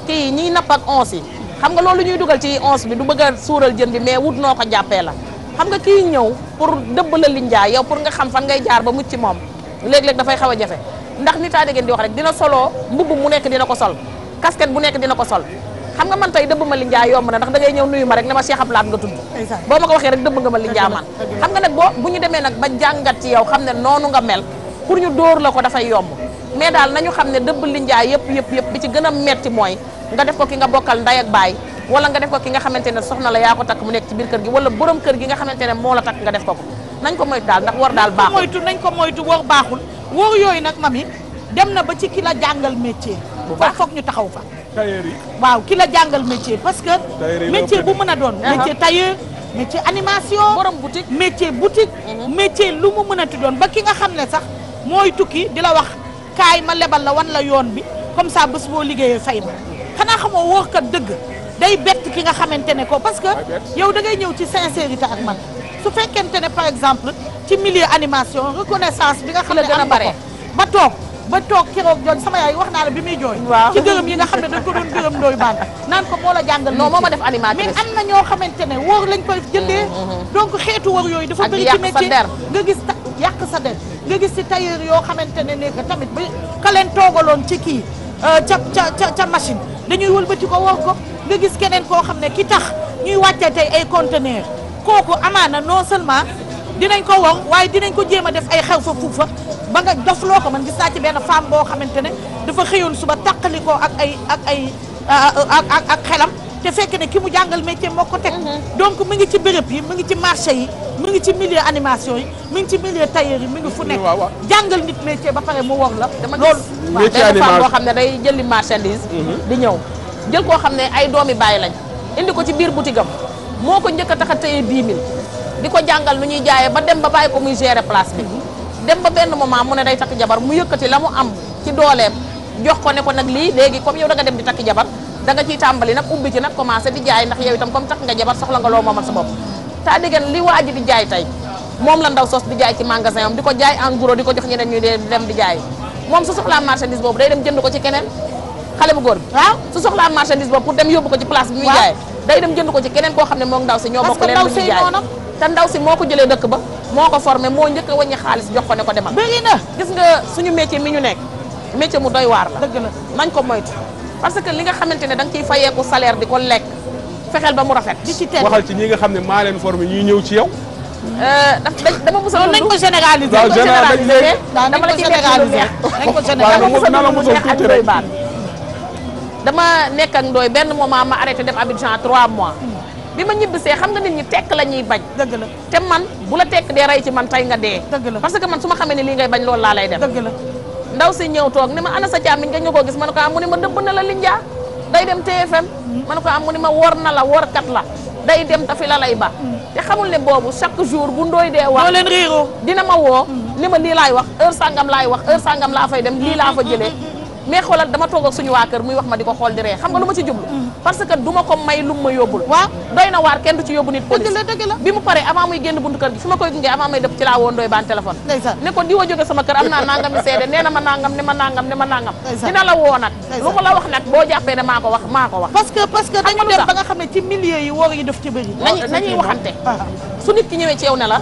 kii ñiy napp ak onze xam nga loolu ñuy dugal ci once bi du bëgg a suural jën bi mais wut noo ko jàppee la xam nga kii ñëw pour dëbb la liñ jaay yow pour nga xam fan ngay jaar ba mucc ci moom léeg-léeg dafay xaw a jafe ndax ni taa ngeen di wax rek dina soloo mbubb mu nekk dina ko sol casquette bu nekk dina ko sol xam nga man tey dëbb ma linjaay yomb na ndax dangay ñëw nuyu ma rek ne ma Cheikh Ablaat nga tudd boo ma ko waxee rek dëbb nga ma linjaay man xam nga nag boo bu ñu demee nag ba jàngat ci yow xam ne noonu nga mel pour ñu dóor la ko dafay yomb mais daal nañu xam ne dëbb linjaay yëpp yëpp yëpp bi ci gën a metti mooy nga def ko ki nga bokkal nday ak baay wala nga def ko ki nga xamante ne soxna la yaa ko takk mu nekk ci biir kër gi wala borom kër gi nga xamante ne moo la takk nga def ko ko nañ ko moytu daal ndax war daal baaxul moytu nañ ko moytu war baaxul war yooyu nag mami dem na ba ci ki la jàngal métier ba foog ñu taxaw fa tailleur waaw ki la jàngal métier parce que métier bu mën a doon uh-huh. métier tailleur métier animation borom boutique métier boutique uh-huh. métier lu mu mën a ti doon ba ki nga xam ne sax mooy tukki di la wax kaay ma lebal la wan la yoon bi comme ça bés boo liggéeyee fay xanaa xamoo wóorkat dëgg day bett ki nga xamante ne ko parce que yow da ngay ñëw ci sincérité ak man su fekkente ne par exemple ci milieu animation reconnaissance bi nga xam ne am na ko ba toog ba toog keroog jooju sama yaay wax naa la bi muy jooy ci gërëm yi nga xam ne dañ ko doon gërëm dooyu baan naan ko moo la jàngal non moo ma def animatrice mais am na ñoo xamante ne wóor lañ koy jëndee mm-hmm, mm-hmm. donc xeetu wóor yooyu dafa bëri ci métier nga gis yàq sa der nga gis ci tailleur yoo xamante ne nekk tamit ba ka leen toogaloon ci kii Euh, ca ca ca machine dañuy wëlbati ko woo ko nga gis keneen koo xam ne ki tax ñuy wàccee tey ay conteneur kooku amaana non seulement dinañ ko wong waaye dinañ ko jéem a def ay xew fa fuuf fa ba nga dof loo man gis naa benn femme boo xamante ne dafa xëyoon suba tàqali ko ak ay ak ay euh, euh, ak xelam te fekk ne ki mu jàngal métier moo ko teg mm-hmm. donc mu ngi ci béréb yi mu ngi ci marché yi mu ngi ci milieu animation yi mu ngi ci milieu tailleur yi mu ngi fu nekk jàngal nit métier ba pare mu wor la loolu benn femme boo xam ne day jëli marchandise mm-hmm. di ñëw jël koo xam ne ay doomi bàyyi lañ indi ko ci biir boutique am moo ko njëkk a tax a téye 10 000 di ko jàngal nu ñuy jaayee ba dem ba bàyyi ko mu gérer place bi mm-hmm. dem ba benn moment mu ne day takk jabar mu yëkkati la mu am ci doolee jox ko ne ko nag lii léegi yow da nga dem di takk jabar da ci tàmbali nag ubbi ci nag commencé di jaay ndax yow itam comme tax nga jabar soxla nga loo moomal sa bopp taa diggan li waa di jaay tey moom la ndaw sos di jaay ci magasin am di ko jaay en di ko jox ñeneen ñuy dem di jaay moom su soxlaa marchandise boobu day dem jënd ko ci keneen xale bu góor bi waaw su soxlaa marchandise boobu pour dem yóbbu ko ci place bi muy jaay day dem jënd ko ci keneen koo xam ne moom ndaw si ñoo bokk leen lu ñuy jaay te ndaw si moo ko jëlee dëkk ba ko a wàññi xaalis ko ne ko demal bëri suñu métier mi ñu nekk métier mu doy waar la dëgg la nañ ko moytu parce que li nga xamante ne da nga ciy fayeeku salaire di ko lekk fexeel ba mu rafet. di ci teg waxal ci ñi nga xam ne maa leen formé ñuy ñëw ci yow. Euh, dama mos a loolu nañ ko généraliser. waaw dama la ciy généraliser nañ ko généraliser dama mos a loolu tuuti rek dama nekk ak ndooy benn moment ma arrêté dem Abidjan 3 mois. bi ma ñibbisee xam nga nit ñi tekk la ñuy bañ. dëgg la te man bu la tekk dee rey ci man tey nga dee. la parce que man su ma xamee ne lii ngay bañ loolu laa lay def. la. daw si ñëw toog ni ma ana sa càmmiñ nga koo ko gis ma ne ko am mu ni ma dëbb na la linjaa day dem TFM ma ne ko am mu ni ma wor na la wor kat la day dem tafi la lay ba te xamul ne boobu chaque jour bu ndooy dee wax dina ma woo ni ma lii laay wax heure sangam laay wax heure sangam laa fay dem lii laa fa jëlee mais xoolal dama toog ak suñu waa kër muy wax ma di ko xool di ree xam nga lu ma ci jublu parce que du ko may lu ma yóbbul doy na waar kenn du ci yóbbu nit police bi mu paree avant muy génn buntu kër gi fi ma ko di nga xam ne ci milieu yi woor yi def ci bëri nañuy waxante ah. su nit ki ñëwee ci ne la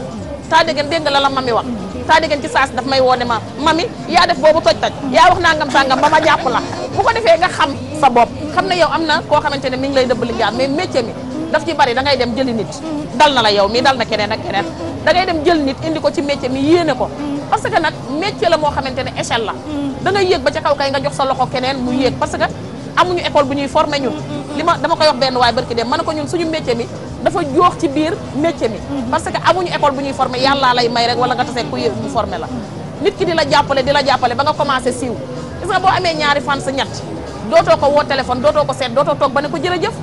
taa dégg nga la la mami wax taa dégg ci saas daf may woone ma mami yaa def boobu toj toj yaa wax nangam sàngam ba ma jàpp la bu ko defee nga xam sa bopp xam ne yow am na koo xamante ne mi ngi lay dëbb liggéeyam mais métier mi daf ci bari da ngay dem jëli nit dal na la yow mi dal na keneen ak keneen da dem jël nit indi ko ci métier mi yéene ko parce que nag métier la moo xamante ne échelle la da ngay yéeg ba ca kaw kay nga jox sa loxo keneen mu yéeg parce que amuñu école bu ñuy formé ñun li ma dama wax benn waay barki ma ne ko ñun suñu métier mi dafa joox ci biir métier mi parce que amuñu école bu ñuy former yàllaa lay may rek wala nga tasee ku mu former la nit ki di la jàppale di la jàppale ba nga commencé siw gis nga boo amee ñaari fan sa ñett dootoo ko woo téléphone dootoo ko seet dootoo toog ba ne ko jërëjëf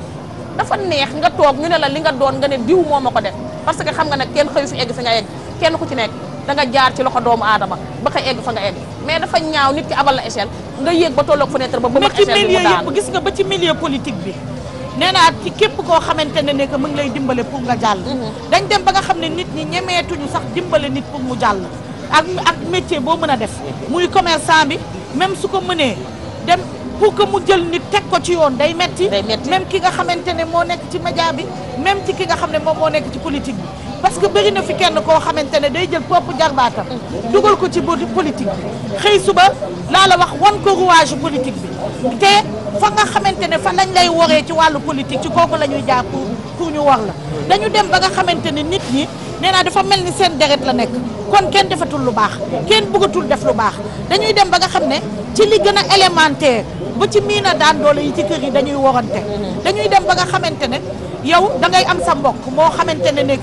dafa neex nga toog ñu ne la li nga doon nga ne diw moo ma ko def parce que xam nga nag kenn xëyu fi egg fi nga egg kenn ku ci nekk da jaar ci loxo doomu aadama ba ka egg fa nga egg ki abal la échelle nga yéeg ba tolloog fenêtre ba ba gis nga ba ci milieu politique bi nee naa képp koo xamante ne ne que lay dimbale pour nga jàll. Mhm. dañ dem ba nga xam ne nit ñi ñemeetuñu sax dimbale nit pour mu jàll. ak ak métier boo mën a def. muy commerçant bi même su ko mënee dem pour que mu jël nit teg ko ci yoon day metti même ki nga xamante ne moo nekk ci média bi même ci ki nga xam ne moom moo nekk ci politique bi. parce que bëri na fi kenn koo xamante ne day jël propre jarbaatam mhm. dugal ko ci politique bi xëy suba laa la wax wan ko rouage politique bi te. fa nga xamante ne fa lañ lay woree ci wàllu politique ci kooku lañuy ñuy jaar pour pour ñu war la dañu dem ba nga xamante ne nit ñi nee naa dafa mel ni seen deret la nekk kon kenn defatul lu baax kenn bëggatul def lu baax dañuy dem ba nga xam ne ci li gën a ba ci miina daan doole ci kër yi dañuy warante dañuy dem ba nga xamante ne yow da ngay am sa mbokk moo xamante ne ne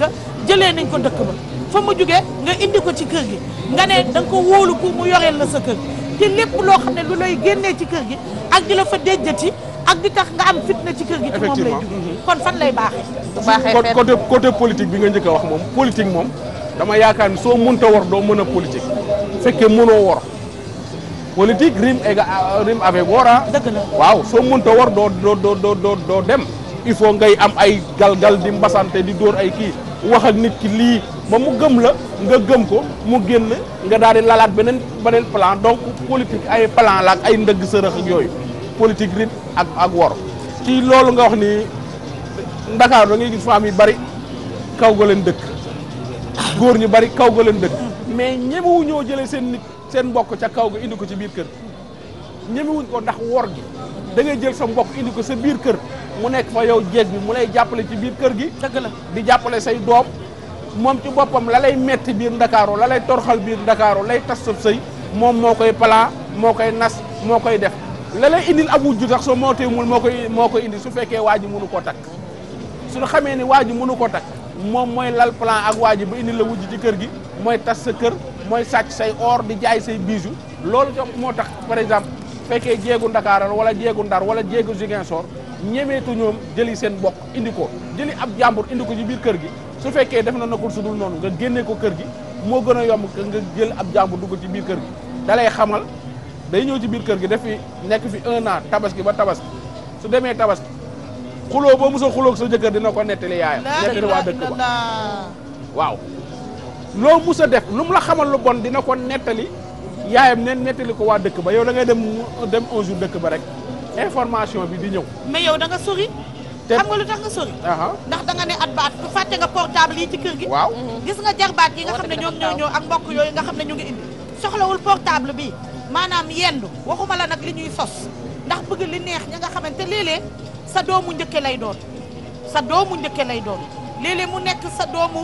que nañ ko dëkk ba fa mu jugee nga indi ko ci kër gi nga ne da nga ko wóolu pour mu yoreel la sa kër ci lépp loo xam ne lu lay génnee ci kër gi ak di la fa déjjati ak di tax nga am fitna ci kër gi ci moom lay dugg kon fan lay baaxee côté côté politique bi nga njëkk a wax moom politique moom dama yaakaar ni soo mënta wor doo mën a politique fekkee mënoo wor politique rime ega euh, rime avec wor ah dëgg la waaw soo mënta wor doo doo doo doo doo doo dem il faut ngay am ay galgal di mbasante di dóor ay kii wax nit ki lii ba mu gëm la nga gëm ko mu génn nga daal di lalaat beneen beneen plan donc politique ay plan la ak ay ndëgg sërëx ak yooyu politique rit ak ak wor ci loolu nga wax ni Ndakaaru da ngay gis femmes yi bari kaw leen dëkk góor ñu bari kaw ga leen dëkk mais ñemewu ñoo jëlee seen nit seen mbokk ca kaw ga indi ko ci biir kër ñemewuñ ko ndax wor gi da jël sa mbokk indi ko sa biir kër mu nekk fa yow jeeg bi mu lay jàppale ci biir kër gi dëgg la di jàppale say doom moom ci boppam la lay metti biir ndakaaru la lay torxal biir ndakaaru lay tas sab moom moo koy plan moo koy nas moo koy def la lay indil ab wujju sax soo moo teewul moo koy moo koy indi su fekkee waa ji mënu koo su suñu xamee ni waa ji mënu koo takk moom mooy lal plan ak waa ji ba indil la wujj ci kër gi mooy tas sa kër mooy sàcc say or di jaay say bijoux loolu moo tax par exemple fekkee jéegu Ndakaaral wala jéegu Ndar wala jéegu Ziguinchor ñemeetu ñoom jëli seen bokk indi ko jëli ab jàmbur indi ko ci biir kër gi su fekkee def na nakul su dul noonu nga génnee ko kër gi moo gën a yomb nga jël ab jàmbur dugg ci biir kër gi dalay xamal day ñëw ci biir kër gi def fi nekk fi un an tabaski ba tabaski su demee tabaski xuloo ba mos a sa jëkkër dina ko nettali yaayam nettali waa dëkk ba waaw loo mus a def lu la xamal lu bon dina ko nettali yaayam neen nettali ko waa dëkk ba yow da ngay dem dem un jour dëkk ba rek information bi di ñëw mais yow da nga xam nga lu tax nga sori ndax da ne at ba at fàtte nga portable yi ci kër gi waaw mm-hmm. gis nga jarbaat yi nga xam ne ñoom ñoo ñëw ak mbokk yooyu nga xam ne ñu ngi indi soxlawul portable bi maanaam yendu waxuma la nag li ñuy sos ndax bëgg li neex ña nga xamante léeg-léeg sa doomu njëkke lay doon sa doomu njëkke lay doon léeg-léeg mu nekk sa doomu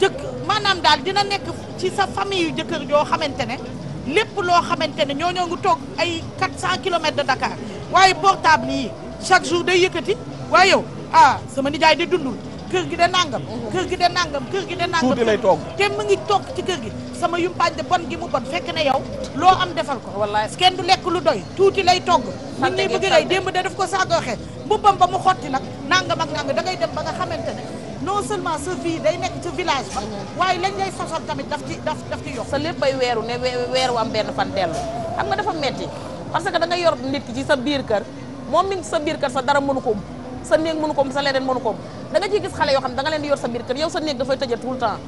jëkk maanaam daal dina nekk ci sa famille yu jëkkër yoo xamante ne lépp loo xamante ne ñoo ñoo ngi toog ay 400 kilomètres de Dakar waaye portable yi chaque jour day yëkkati waaye yow ah sama nijaay di dundul kër gi de nangam kër gi de nàngam kër gi de nangam tuuti lay toog te mu ngi toog ci kër gi sama yumpaañ de bon gi mu bon fekk ne yow loo am defal ko walla kenn du lekk lu doy tuuti lay togg nit ñi bëgg ay démb de daf ko saagooxee mbubbam ba mu xotti nag nangam ak nangam da ngay dem ba nga xamante ne non seulement sa vie day nekk ci village ba waaye lañ lay sosal tamit daf ci daf daf ci yox sa lépp bay weeru ne weeru am benn fan dellu xam nga dafa metti parce que da nga yor nit ci sa biir kër moom mi ngi sa biir kër sa dara mënu ko sa néeg mënu ko sa leneen mënu ko da nga ciy gis xale yoo xam da nga leen di yor sa biir kër yow sa néeg dafay tëjee tout le temps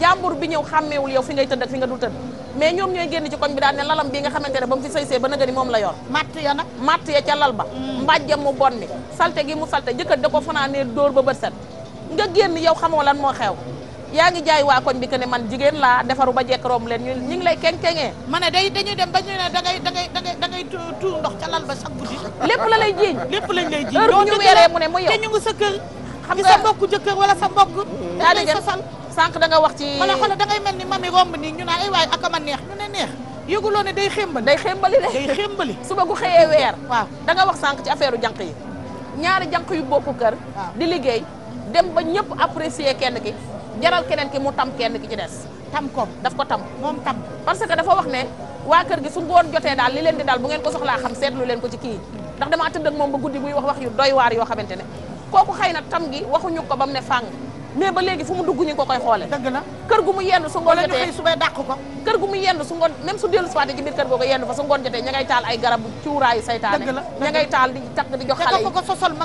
jàmbur bi ñëw xàmmeewul yow fi ngay tëdd ak fi nga dul tëdd mais ñoom ñooy génn ci koñ bi daal ne lalam bii nga xamante ne ba mu fi sëysee ba naga ni moom la yor matt ya nag matt ya ca lal ba mm. mbàjjam mu bon mi salte gi mu salte jëkkër da ko fanaanee dóor ba bët set nga génn yow xamoo lan moo xew yaa ngi jaay waa koñ bi que ne man jigéen laa defaru ba jekk romb leen ñu ñu ngi lay keng-kengee ma ne day dañuy dem ba ñu ne da ngay da ngay da ngay ndox ca lal ba chaque guddi lépp la lay jiiñ lépp lañ lay jiiñ heure bu ñu weeree mu ne mu yow te ñu sa kër xam nga sa mbokku jëkkër wala sa mbokk yaa ngi sosal sànq da nga wax ci wala xala da ngay mel ni mami romb nii ñu naa ay waay ak ma neex ñu ne neex yëguloo ne day xémbali day xémbali de day xémbali suba gu xëyee weer waaw danga nga wax sànq ci affaire u jànq yi ñaari jànq yu bokku kër di liggéey dem ba ñëpp apprécier kenn ki jaral keneen ki mu tam kenn ki ci des tam ko daf ko tam moom tam parce que dafa wax ne waa kër gi su ngoon jotee daal li leen di daal bu ngeen ko soxlaa xam seetlu leen ko ci kii ndax damaa tëdd ak moom ba guddi muy wax wax yu doy waar yoo xamante ne kooku xay na tam gi waxuñu ko ba mu ne fàng mais ba léegi fu mu dugg ñu ko koy xoole kër gu mu yendu su ngoon jotee su bay dàq ko kër gu mu yendu su ngoon même su dellu siwaate ci biir kër googu yendu fa su ngoon jotee ña taal ay garab cuuraayu saytaane ña taal di takk di jox xale yi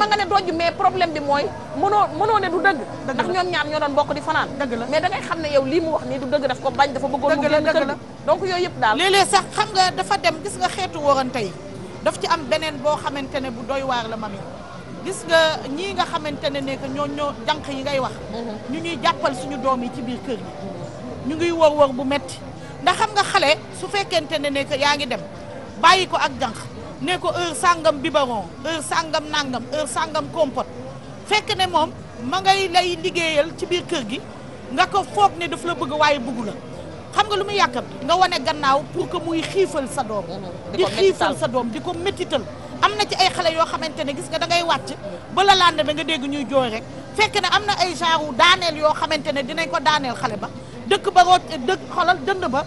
ma nga ne dojj mais problème bi mooy mënoo mënoo ne du dëgg ndax ñoom ñaar ñoo doon bokk di fanaan mais da ngay xam ne yow lii mu wax nii du dëgg daf ko bañ dafa bëggoon mu génn kër donc yooyu yëpp daal léeg-léeg sax xam nga dafa dem gis nga xeetu am beneen boo xamante ne bu doy waar la mami gis nga ñii nga xamante ne ne ñoo ñoo jànq yi ngay wax mhm. ñu ñuy jàppal suñu doom yi ci biir kër yi ñu ngiy wër wër bu metti ndax xam nga xale su fekkente ne ne yaa ngi dem bàyyi ko ak jànq ne ko heure sàngam biberon heure sàngam nàngam heure sàngam compote fekk ne moom ma ngay lay liggéeyal ci biir kër gi nga ko foog ne dafa la bëgg waaye bëggu la xam nga lu muy yàkkam nga wane gannaaw pour que muy xiifal sa doom mhm. di xiifal sa doom di ko métital am na ci ay xale yoo xamante ne gis nga da ngay wàcc ba la lande ba nga dégg ñuy jooy rek fekk ne am na ay genre daaneel yoo xamante ne dinañ ko daaneel xale ba dëkk ba root dëkk xolal dënd ba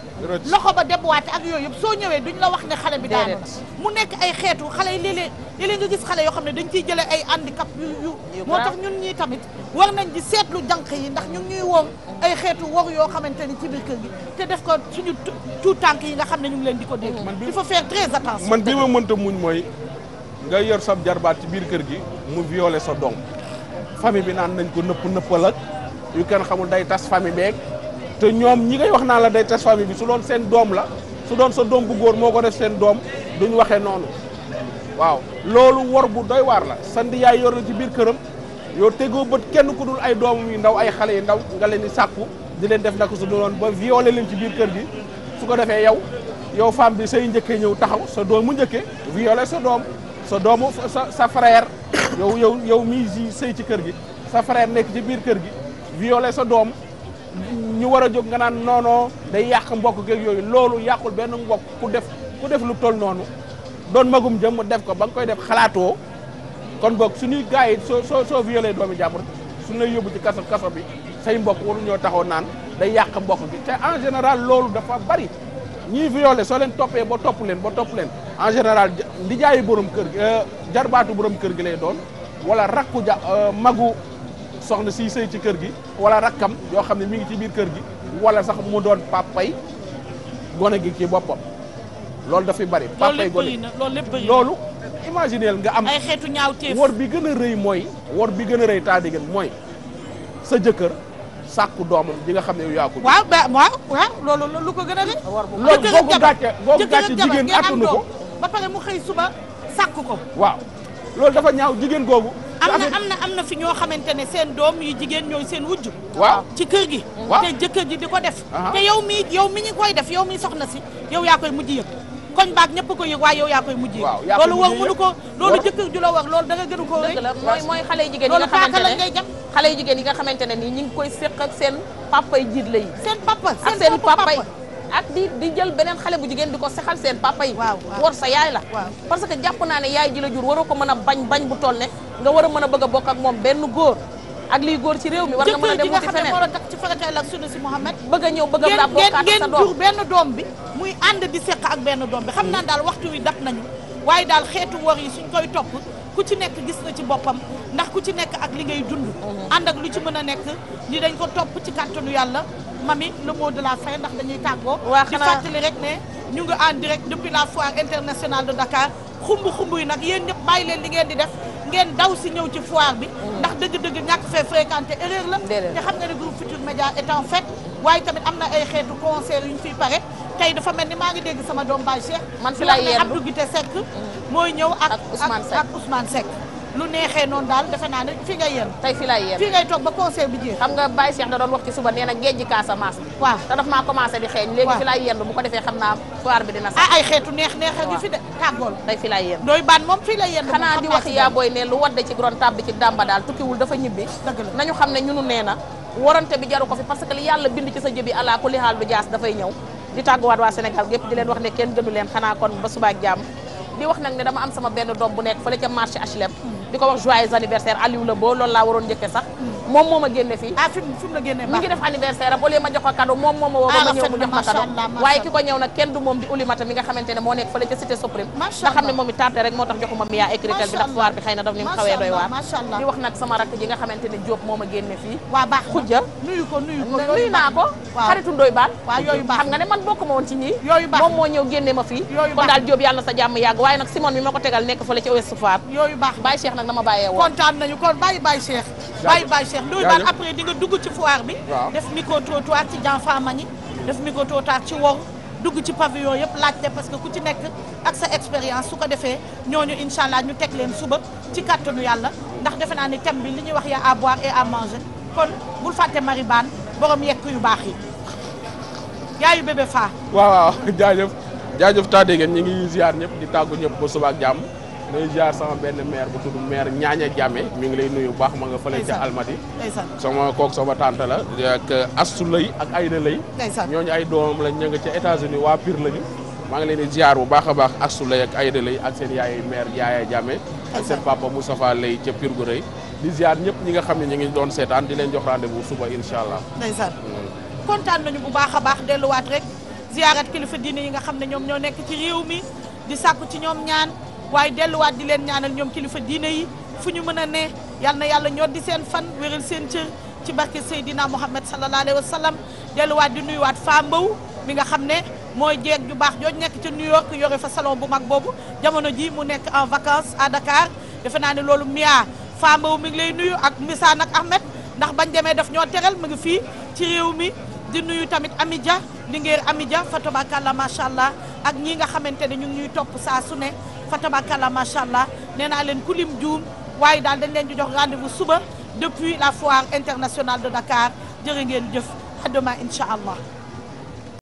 loxo ba debwaate ak yooyu yëpp soo ñëwee duñ la wax ne xale bi daanu mu nekk ay xeetu xale yi léeg-léeg léeg-léeg nga gis xale yoo xam ne dañ ciy jële ay handicap yu moo tax ñun ñii tamit war nañ di seetlu jànq yi ndax ñun ñuy wor ay xeetu wor yoo xamante ne ci biir kër gi te def ko suñu tout tànk yi nga xam ne leen di ko dégg il faut faire très attention man bi ma mënta muñ mooy ngay yor sa jarbaat ci biir kër gi mu violé sa doom famille bi naan nañ ko nëpp nëppal ak yu kenn xamul day tas famille beeg te ñoom ñi ngay wax naa la day tas famille bi su doon seen doom la su doon sa doom góor moo ko def seen doom duñ waxee noonu waaw loolu wor bu doy waar la sa ndiyaay yor ci biir këram yow tegoo bët kenn ku dul ay doomam yu ndaw ay xale yu ndaw nga leen di sàkku di leen def naka su dul noonu ba violé leen ci biir kër gi su ko defee yow yow femme bi say njëkkee ñëw taxaw sa doom mu njëkkee violé sa doom sa doomu sa sa yow yow yow mi ji sëy ci kër gi sa frère nekk ci biir kër gi violé sa doom ñu war a jóg nga naan noonoo day yàq mbokk geeg yooyu loolu yàqul benn mbokk ku def ku def lu toll noonu doon magum jëm mu def ko ba nga koy def xalaatoo kon boog suñuy gars yi soo soo soo violé doomi jàmbur su lay yóbbu ci kaso kaso bi say mbokk waru ñoo taxaw naan day yàq mbokk gi te en général loolu dafa bari ñiy violé soo leen toppee ba topp leen ba topp leen en général ndijaayu boroom kër gi euh, jarbaatu boroom kër gi lay doon wala rakku ja euh, magu soxna siy sëy ci kër gi wala rakkam yoo xam ne mi ngi ci biir kër gi wala sax mu doon papay gone gi ci boppam loolu dafay bari papay gone loolu imagineel nga am ay xeetu ñaawteef wor bi gën a rëy mooy wor bi gën a rëy taa diggéen mooy sa jëkkër sàkku doomam ji nga xam ne yow yaa ko waaw waaw waaw loolu ko gën a rëy loolu boobu gàcce boobu ko ba pare mu xëy suba sàkk ko waaw loolu dafa ñaaw jigéen googu am na am na am na fi ñoo xamante ne seen doom yi jigéen ñooy seen wujj waaw ci kër gi te jëkkër ji di ko def te yow mi yow mi ñu koy def yow mi soxna si yow yaa koy mujj yëg koñ baag ñëpp ko yëg waaye yow yaa koy mujj yëg loolu war mënu ko loolu jëkkër ju la war loolu danga gënu ko rëy mooy mooy xale yu jigéen yi nga ne ngay xale yu jigéen yi nga xamante ne nii ñu ngi koy séq ak seen papa yi jiit la yi seen papa seen papa yi ak di di jël beneen xale bu jigéen di ko sexal seen papa yi war sa yaay la parce que jàpp naa ne yaay ji la jur waroo ko mën a bañ bañ bu toll ne nga war a mën a bëgg bokk ak moom benn góor ak liy góor ci réew mi war na mën dem wuti feneen ci fagateel ak sunu si Mouhamed bëgg a ñëw bëgg a laa bokkaat benn doom bi muy ànd di seq ak benn doom bi xam naa daal waxtu wi dab nañu waaye daal xeetu wor yi suñ koy topp ku ci nekk gis na ci boppam ndax ku ci nekk ak li ngay dund mhm. ànd ak lu ci mën a nekk ni dañ ko topp ci kàttanu yàlla mami la mot de la fin ndax dañuy tàggoo di fàttali rek ne ñu ngi en direct depuis la foire internationale de Dakar xumb xumb yi nag yéen ñëpp bàyyi leen li ngeen di def ngeen daw si ñëw ci foire bi mhm. ndax dëgg-dëgg ñàkk fee fréquenté erreur la te xam nga ne groupe Futur Média est en fête waaye tamit am na ay xeetu concert yu ñu fi pare tey dafa mel ni maa ngi dégg sama doom Baye Cheikh man fi lay yendu Abdou Guité Seck mhm. mooy ñëw ak ak Ousmane Seck lu neexee noonu daal defe naa ne fi ngay yem tey ngay toog ba conseil bi jeex xam nga Baye Cheikh da doon wax ci suba nee na géej gi Casamance waaw te daf maa commencé di fi xam ah, de tàggool tey ne lu ci dàmba daal tukkiwul dafa ñibbi nañu xam ne ñunu nee na warante bi jaru ko fi parce que li yàlla bind ci sa jëbi alaa ku lihaal du jaas dafay ñëw di tàgguwaat waa Sénégal gépp di leen wax ne kenn gënu leen xanaa kon ba subaak jàmm di wax nag ne dama am sama benn doom bu nekk fële ca marché HLM di ko wax joyeux anniversaire Aliou la boo loolu laa waroon njëkkee sax moom moo ma génne fii ah fi fi mu la génne mi ngi def anniversaire am au ma jox ko moom moom ma woo ba ma ñëw ah, moo nekk fële ca cité suprême nga xam ne moom i tardé rek moo tax joxuma mi yaa écritel bi ndax nag man bokk ma woon ci ñii moom moo ñëw génne ma fii kon daal Diop yàlla sa jàmm yàgg waaye nag Simone mi ma ko tegal nekk fële ca Ouest Foire yooyu baax Baye nag dama bàyyee woon kontaan nañu kon bàyyi Baye Cheikh Cheikh Ndoye après di dugg ci foire bi def micro trottoir ci Janfa Mani def micro trottoir ci Woru dugg ci pavillon yëpp laajte parce que ku ci nekk ak sa expérience su ko defee ñooñu incha allah ñu teg leen suba ci kàttanu yàlla ndax defe naa ni thème bi li ñuy wax yaa à boire et à manger kon bul fàtte Marie Bane yekk yu baax yi yaayu bébé faa waaw waaw (laughs) jaajëf jaajëf taa dégg ngeen ñi ngi ziar ñëpp di tàggu ñëpp ba suba ak jàmm day jaar sama benn maire bu tudd maire ñaaña jàmme mi ngi lay nuyu baax ma nga fële ca almati sama kook sama tante la ak astu lay ak ayda lay ñooñu ay doomam lañ ña nga ca États-Unis waa Pire lañu maa ngi leen di ziar bu baax a baax astu lay ak ayda lay ak seen yaay maire yaaya jàmme ak seen papa Moustapha lay ca Pire gu rëy di ziar ñëpp ñi nga xam ne ñu ngi doon seetaan di leen jox rendez-vous suba incha allah ndeysaan hmm. kontaan nañu bu baax a baax delluwaat rek ziarat kilifa diine yi nga xam ne ñoom ñoo nekk ci réew mi di ci ñoom ñaan waaye delluwaat di leen ñaanal ñoom kilifa diine yi fu ñu mën a ne yal na yàlla ñoo di seen fan wéral seen cër ci barke Seydina Mouhamed sallallahu alayhi wa sallam delluwaat di nuyuwaat Fa Mbow mi nga xam ne mooy jeeg ju baax jooju nekk ca New York yore fa salon bu mag boobu jamono ji mu nekk en vacances à Dakar defe naa ne loolu Mia Fa Mbow mi ngi lay nuyu ak Missa nag Ahmed ndax bañ demee def ñoo teral mu ngi fii ci réew mi di nuyu tamit Amidia Linguère Amidia Fatabakalla macha allah ak ñi nga xamante ne ñu ngi ñuy topp saa su ne Fatabakalla macha allah nee naa leen kulim juum waaye daal dañ leen di jox rendez-vous suba depuis la foire internationale de Dakar jërë ngeen jëf à demain incha allah.